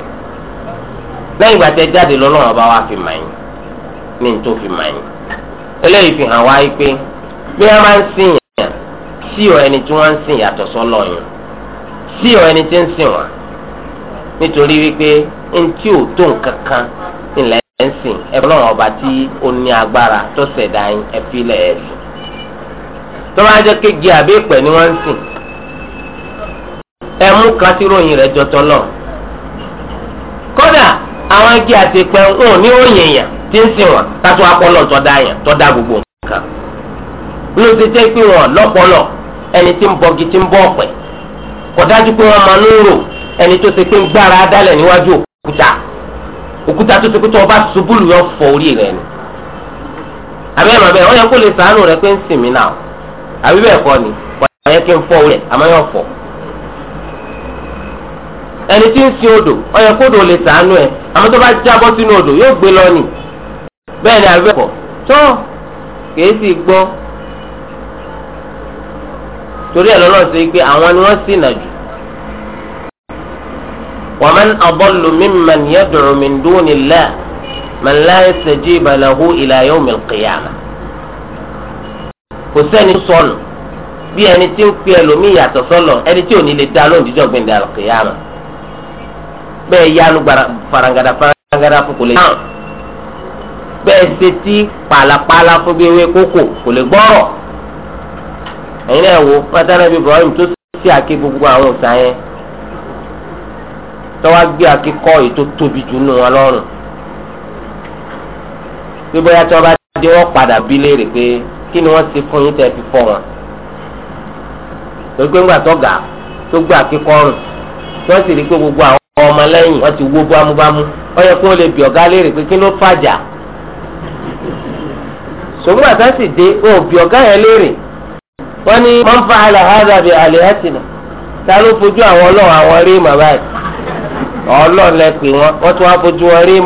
lẹ́yìn ìgbà tẹ́ jáde lọ́lọ́run ọba wa fi mọ̀ yín ní ní tó fi mọ̀ yín eléyìí fi hàn wá pé bí wọ́n máa ń sìn yàn sí ọ ẹni tí wọ́n ń sìn yàtọ̀ sọ́lọ́ yẹn sí ọ ẹni tí ń sìn wọ́n nítorí wípé ntí ò tó nǹkan kan ńlẹ̀ ń sìn ẹ̀fọ́ náà ọba tí ó ní agbára tó ṣẹ̀dá yín ẹ̀fílẹ̀ ẹ̀sìn tó bá jẹ́ kéègé àbí ìpẹ́ ni wọ́n ń sìn ẹ̀mú kan tí ròyìn rẹ̀ jọtọ̀ lọ kódà àwọn igi àti ìpẹ́ ń ní òyìn yàn tí ń sìn wọn kátó akọlọ tọdá yẹn gbogbo nǹkan ló ti jẹ́ pé wọn lọ́pọlọ ẹni tí ń bọgi tí ń bọ ọ̀pẹ kọdájú pé wọn máa ń rò ẹni tó gbára dálẹ̀ níwájú òkúta òkúta tó tó ọba ṣubúlù yọ fọ́ orí rẹ̀ ni àbí ẹ̀ màbẹ́ ọ̀yẹ́ kó lè sàánù rẹ pé ń sìn mí náà àbí ni ẹni tí ń sin odò lè sàánù bẹ́ẹ̀ ni àbí ẹ̀kọ́ tó kìí sì gbọ́ torí ẹ̀ lọ́nà sí pé àwọn ni wọ́n sì nà jù. ومن أضل ممن يدعو من دون الله من لا يستجيب له إلى يوم القيامة kò sẹ́ni tó bí ẹni tí ń pe ẹlòmíì yàtọ̀ sọ́lọ̀ ẹni tí ò ní lè lóhùn jíjọ́ gbẹ̀ndẹ̀ àlùkìyàmà bẹ́ẹ̀ yánu farangada farangada fún kò lè bẹ́ẹ̀ ṣe tí pàlàpàlà fún bí ewé kókò kò lè gbọ́rọ̀ ẹ̀yin náà wo pátánà bíi Ibrahim tó sí àké gbogbo àwọn òòṣà yẹn tọ́wá gbé àké kọ́ èyí tó tóbi jù nù wọn lọ́rùn pé bóyá tí wọ́n bá dé wọ́n padà bí léèrè pé kí ni wọ́n ti fún yín tẹ́ fi fọ́ wọn torí pé ńgbà tó gà tó gbé àké kọ́rùn tí wọ́n sì rí pé gbogbo àwọn ọmọlẹ́yìn wọ́n ti wó bámúbámú ó yẹ kó lè bí ọ̀gá léèrè pé kí ló fàjà sògbà tá sì dé bí ọ̀gá yẹn léèrè wọ́n ní máa ń fa àlàhàdà bíi ta ló fojú àwọn ọlọ́run àwọn rí báyìí ọlọ́run lẹ pè wọ́n wọ́n tún wá fojú wọn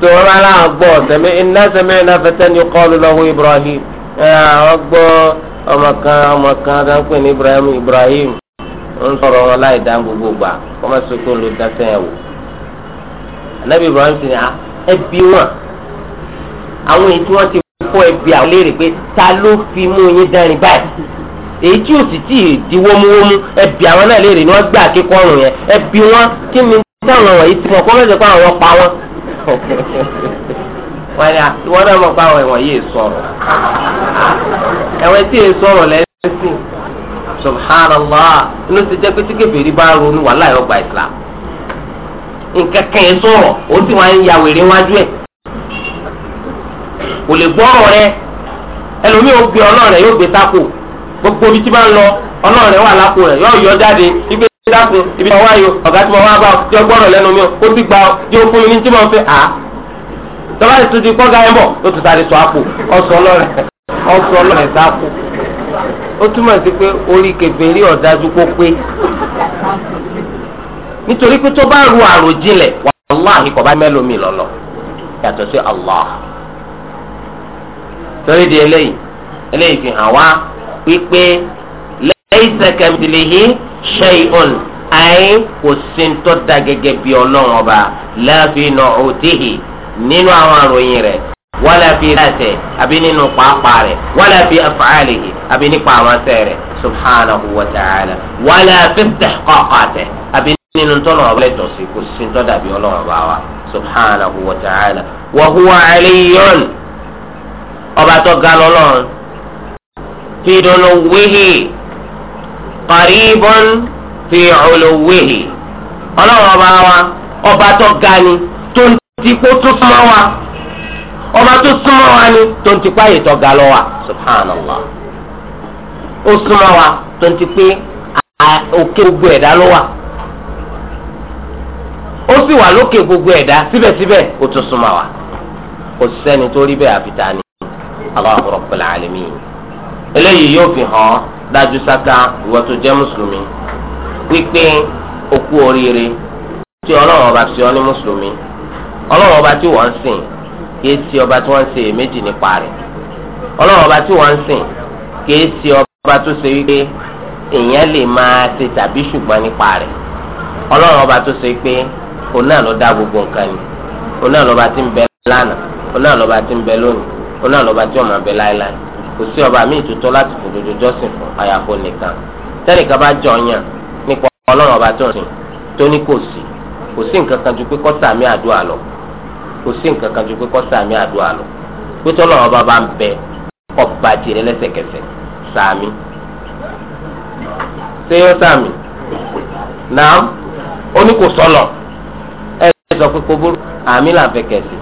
tó wọn bá láwọn gbọ́ ọ̀sẹ̀mẹ́ iná sẹ́mẹ́ iná ni kọ́ọ̀lù lọ́wọ́ Ibrahim àwọn gbọ́ ọmọ kan ọmọ Ibrahim Ibrahim ń sọ̀rọ̀ gbogbo gbà ló dá sẹ́yìn wò. àwọn èyí tí wọ́n ti kó ẹbí àwọn léèrè pé ta ló fi mú yín dẹ́rìn báyìí èyí tí ò sì tí ì di wómúwómú ẹbí àwọn náà léèrè ni wọ́n gbé àkíkọ́ ọ̀rùn yẹn ẹbí wọn kí ni táwọn wọ̀nyí ti mọ̀ kó mẹ́sẹ̀ pé àwọn pa wọn. wọ́n ní àtiwọ́n náà mọ̀ pé àwọn ẹ̀wọ̀n yìí sọ̀rọ̀ ẹ̀wọ̀n tí yìí sọ̀rọ̀ lẹ́sìn subhanallah inú ti jẹ́ pé tí kébèrè bá ronú wàhálà yóò gba ìsìlá nǹkan yẹn sọ̀rọ̀ ó sì wá ń ya wájú ẹ̀ kò lè gbọ́rọ̀ rẹ ẹlòmíì ó gbé ọlọ́run rẹ yóò gbé sáko gbogbo ibi tí bá ń lọ ọlọ́run rẹ wà lápò rẹ yóò yọ jáde ibi tí dákun ibi tí wọ́n wáyò ọ̀gá tí wọ́n wá bá tí ó gbọ́rọ̀ lẹ́nu mi ó ti gba tí ó fún mi ní tí wọ́n fẹ́ à tọ́lá ti tuntun kọ́ gáyé bọ̀ ó ti sáré sọ àpò ọ̀sọ̀ ọlọ́run sáko ó túmọ̀ sí pé orí kẹfẹ́rí ọ̀dájú kó pé nítorí pé tó bá ru àròjinlẹ̀ wàhálà àhìkọ́ bá mẹ́lòmí Allah torí di eléyìí eléyìí fi hàn wá wípé lẹ́yìn sẹ́kẹ̀mìtìlìhí ṣẹ́yìn àyè kò sí ń tọ́ da gẹ́gẹ́ bí ọlọ́run ọba láàfin nà òtíhì nínú àwọn àròyìn rẹ̀ wala fi ẹsẹ̀ àbí nínú pàápàá rẹ̀ wala fi af'alihi àbí nípa àwọn ẹsẹ̀ subhanahu wa ta'ala wala fi àbí nínú tọ́lọ̀ ọba lẹ́tọ̀ kò sí ń tọ́ dàbí ọlọ́run ọba wa subhanahu wa ta'ala wa huwa aliyyun ọba tó ga lọ́lọ́run fi dùnúwìhì qaribun fi uluwìhì ọlọ́run ọba wa ọba tó ga ni tó ń tipó tó súnmọ́ wa ọba tó súnmọ́ wa ni tó ń tipá yìí tó ga lọ wa subhanallah ó súnmọ́ wa tó ń tipé òkè gbogbo ẹ̀dá ló wà ó sì wà lókè gbogbo ẹ̀dá síbẹ̀síbẹ̀ ó tún súnmọ́ wa kò sẹ́ni tó rí bẹ́ẹ̀ àfitá ni Allahu Rabbul Alamin eléyìí yóò fi hàn dájú sáká ìwọ tó jẹ́ mùsùlùmí wípé o kú oríire tí ọlọ́run ọba tí ọ ní mùsùlùmí ọlọ́run ọba tí wọ́n ń sìn kìí ti ọba tí wọ́n ń ṣe èméjì nípa rẹ̀ ọlọ́run ọba tí wọ́n ń sìn kìí ti ọba tó ṣe wípé èèyàn lè máa ṣe tàbí ṣùgbọ́n nípa rẹ̀ ọlọ́run ọba tó ṣe pé òun náà ló dá gbogbo nǹkan ni òun náà lọ́ba tí ń bẹ lánàá òun náà lọ́ba tí ń bẹ lónìí oní àlọ́ba tí ọmọ abẹ láéláé kò sí ọba mi ìtútọ́ láti fòdodo jọ́sìn fún àyàfó nìkan tẹ́nìkan bá jọ yàn nípa ọlọ́run ọba tó ń sìn tó ní kò sí kò sí nǹkan kan ju pé kó sàmì àdúrà lọ kò sí nǹkan kan ju pé kó sàmì àdúrà lọ pé tọ́lọ́run ọba bá ń bẹ kó bàjẹ́ lẹ́sẹ̀kẹsẹ̀ sàmì. ṣé yóò náà ó ní kò sọ̀lọ̀ ẹ sọ pé kò burú àmì làǹfẹ̀kẹ̀sì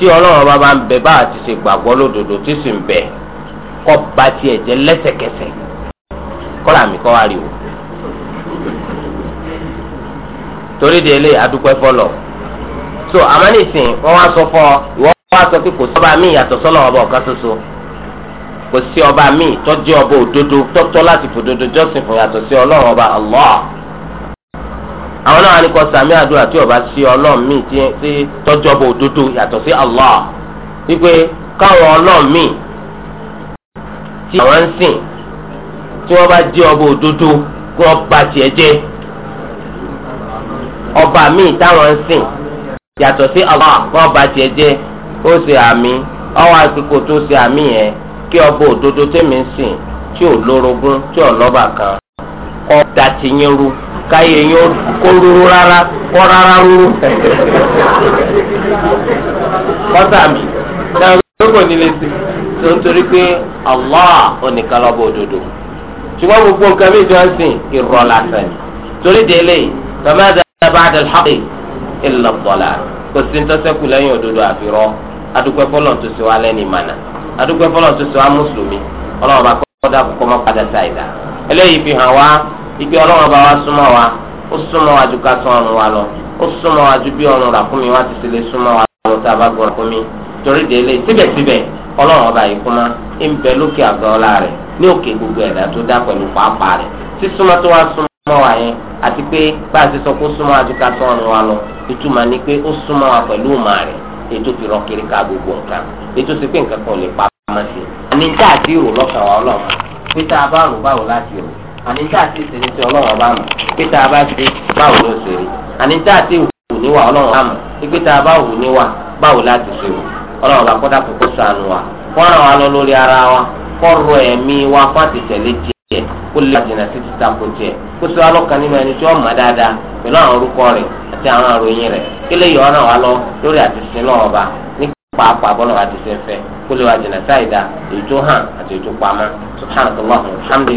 tí ọlọ́run bá bá ń bẹ bá àti ṣe gbàgbọ́ lódodo tí sì ń bẹ kọ́ ba tiẹ̀ jẹ́ lẹ́sẹ̀kẹsẹ̀ kọ́lá mi kọ́ wá rí o. torí de ilé adúpẹ́ fọlọ̀ so àmọ́ nìsín wọ́n wá sọ fún ọ ìwọ́n wá sọ pé kò sí ọba míì yàtọ̀ sọ́lọ́ ọba ọ̀kan ṣoṣo kò sí ọba míì tọ́jú ọba òdodo tọ́tọ́ láti fòdodo jọ́sìn fún yàtọ̀ sí ọlọ́run ọba Allah àwọn náà wà ní kọ sàmì àdúrà tí ọba sí ọlọ́run míì tí tí tọ́jọ́ bò òdodo yàtọ̀ sí Allah wípé káwọn ọlọ́run mi tí àwọn ń sìn tí wọ́n bá jẹ́ ọba òdodo kí wọ́n bá tiẹ̀ jẹ́ ọba míì táwọn ń sìn yàtọ̀ sí Allah kí wọ́n bá tiẹ̀ jẹ́ ó ṣe àmì ọwọ́ àsìkò tó ṣe àmì yẹn kí ọba òdodo tèmi ń sìn tí ò lórogún tí ò lọ́bà kan kọ́ dàtí yín rú káyé yín kó rúru rárá kó rárá rúru kọ́tà mi náà gbogbo nílé sí tó ń torí pé Allah onìkan lọ́bọ̀ òdodo ṣùgbọ́n gbogbo nǹkan mi jọ ń sìn irọ́ lásán ni torí délé tọ́mẹ́dà ba'da al-haqqi illa ad-dalal kò sí ń tọ́sẹ́kù lẹ́yìn òdodo àfirọ́ adúpẹ́ fọlọ́n tó ṣe wá lẹ́ni ìmànà adúpẹ́ fọlọ́n tó ṣe wá mùsùlùmí ọlọ́run bá kọ́ dà kọ́kọ́ mọ́ padà sáìdá eléyìí fi hàn wá ìgbé ọlọ́run bá wa súnmọ́ wa ó súnmọ́ wa ju ká tún ọrùn wa lọ ó súnmọ́ wa ju bí ọrùn ràkúnmí wa ti ṣẹlẹ̀ súnmọ́ wa lọ tá a bá gbọ́ ràkúnmí torí délé síbẹ̀síbẹ̀ ọlọ́run ọba yìí kúmá ń bẹ lókè àgbà ọlá rẹ̀ ní òkè gbogbo ẹ̀dá tó dá pẹ̀lú pàápàá rẹ̀ sísúnmọ́ tó wá súnmọ́ wa yẹn àti pé bá a ti sọ pé ó súnmọ́ wa ju ká tún ọrùn wa lọ ìtumọ̀ ni pé ó súnmọ́ wa pẹ̀lú òmà rẹ̀ ètò fi rán kiri ká gbogbo nǹkan ètò sì pé nǹkan kan lè pa á má sí báwo láti rò àní tá a ti ṣe ní ti ọlọ́run ọba mọ̀ pé tá a bá ṣe báwo ló ṣe àní tá a ti wù níwà ọlọ́run ọba mọ̀ pé tá a bá wù níwà báwo láti ṣe wù ọlọ́run ọba kọ́dà kókó sànù wa fọ́nrán wa lọ lórí ara wa kọ́rọ̀ ẹ̀mí wa fún àtìtẹ̀lé tiẹ̀ kó lè jìnnà sí ti tako tiẹ̀ kó sọ alọ́kan nínú ẹni tí wọ́n mọ̀ dáadáa pẹ̀lú àwọn orúkọ rẹ̀ àti àwọn àròyìn rẹ̀ kí lè yọ ọ́nà wa lọ lórí àtìsín náà ọba ní pàápàá bọ́lá wa ti ṣe fẹ́ kó lè wà jìnnà sáìdá èyí tó hàn àti èyí tó pamọ́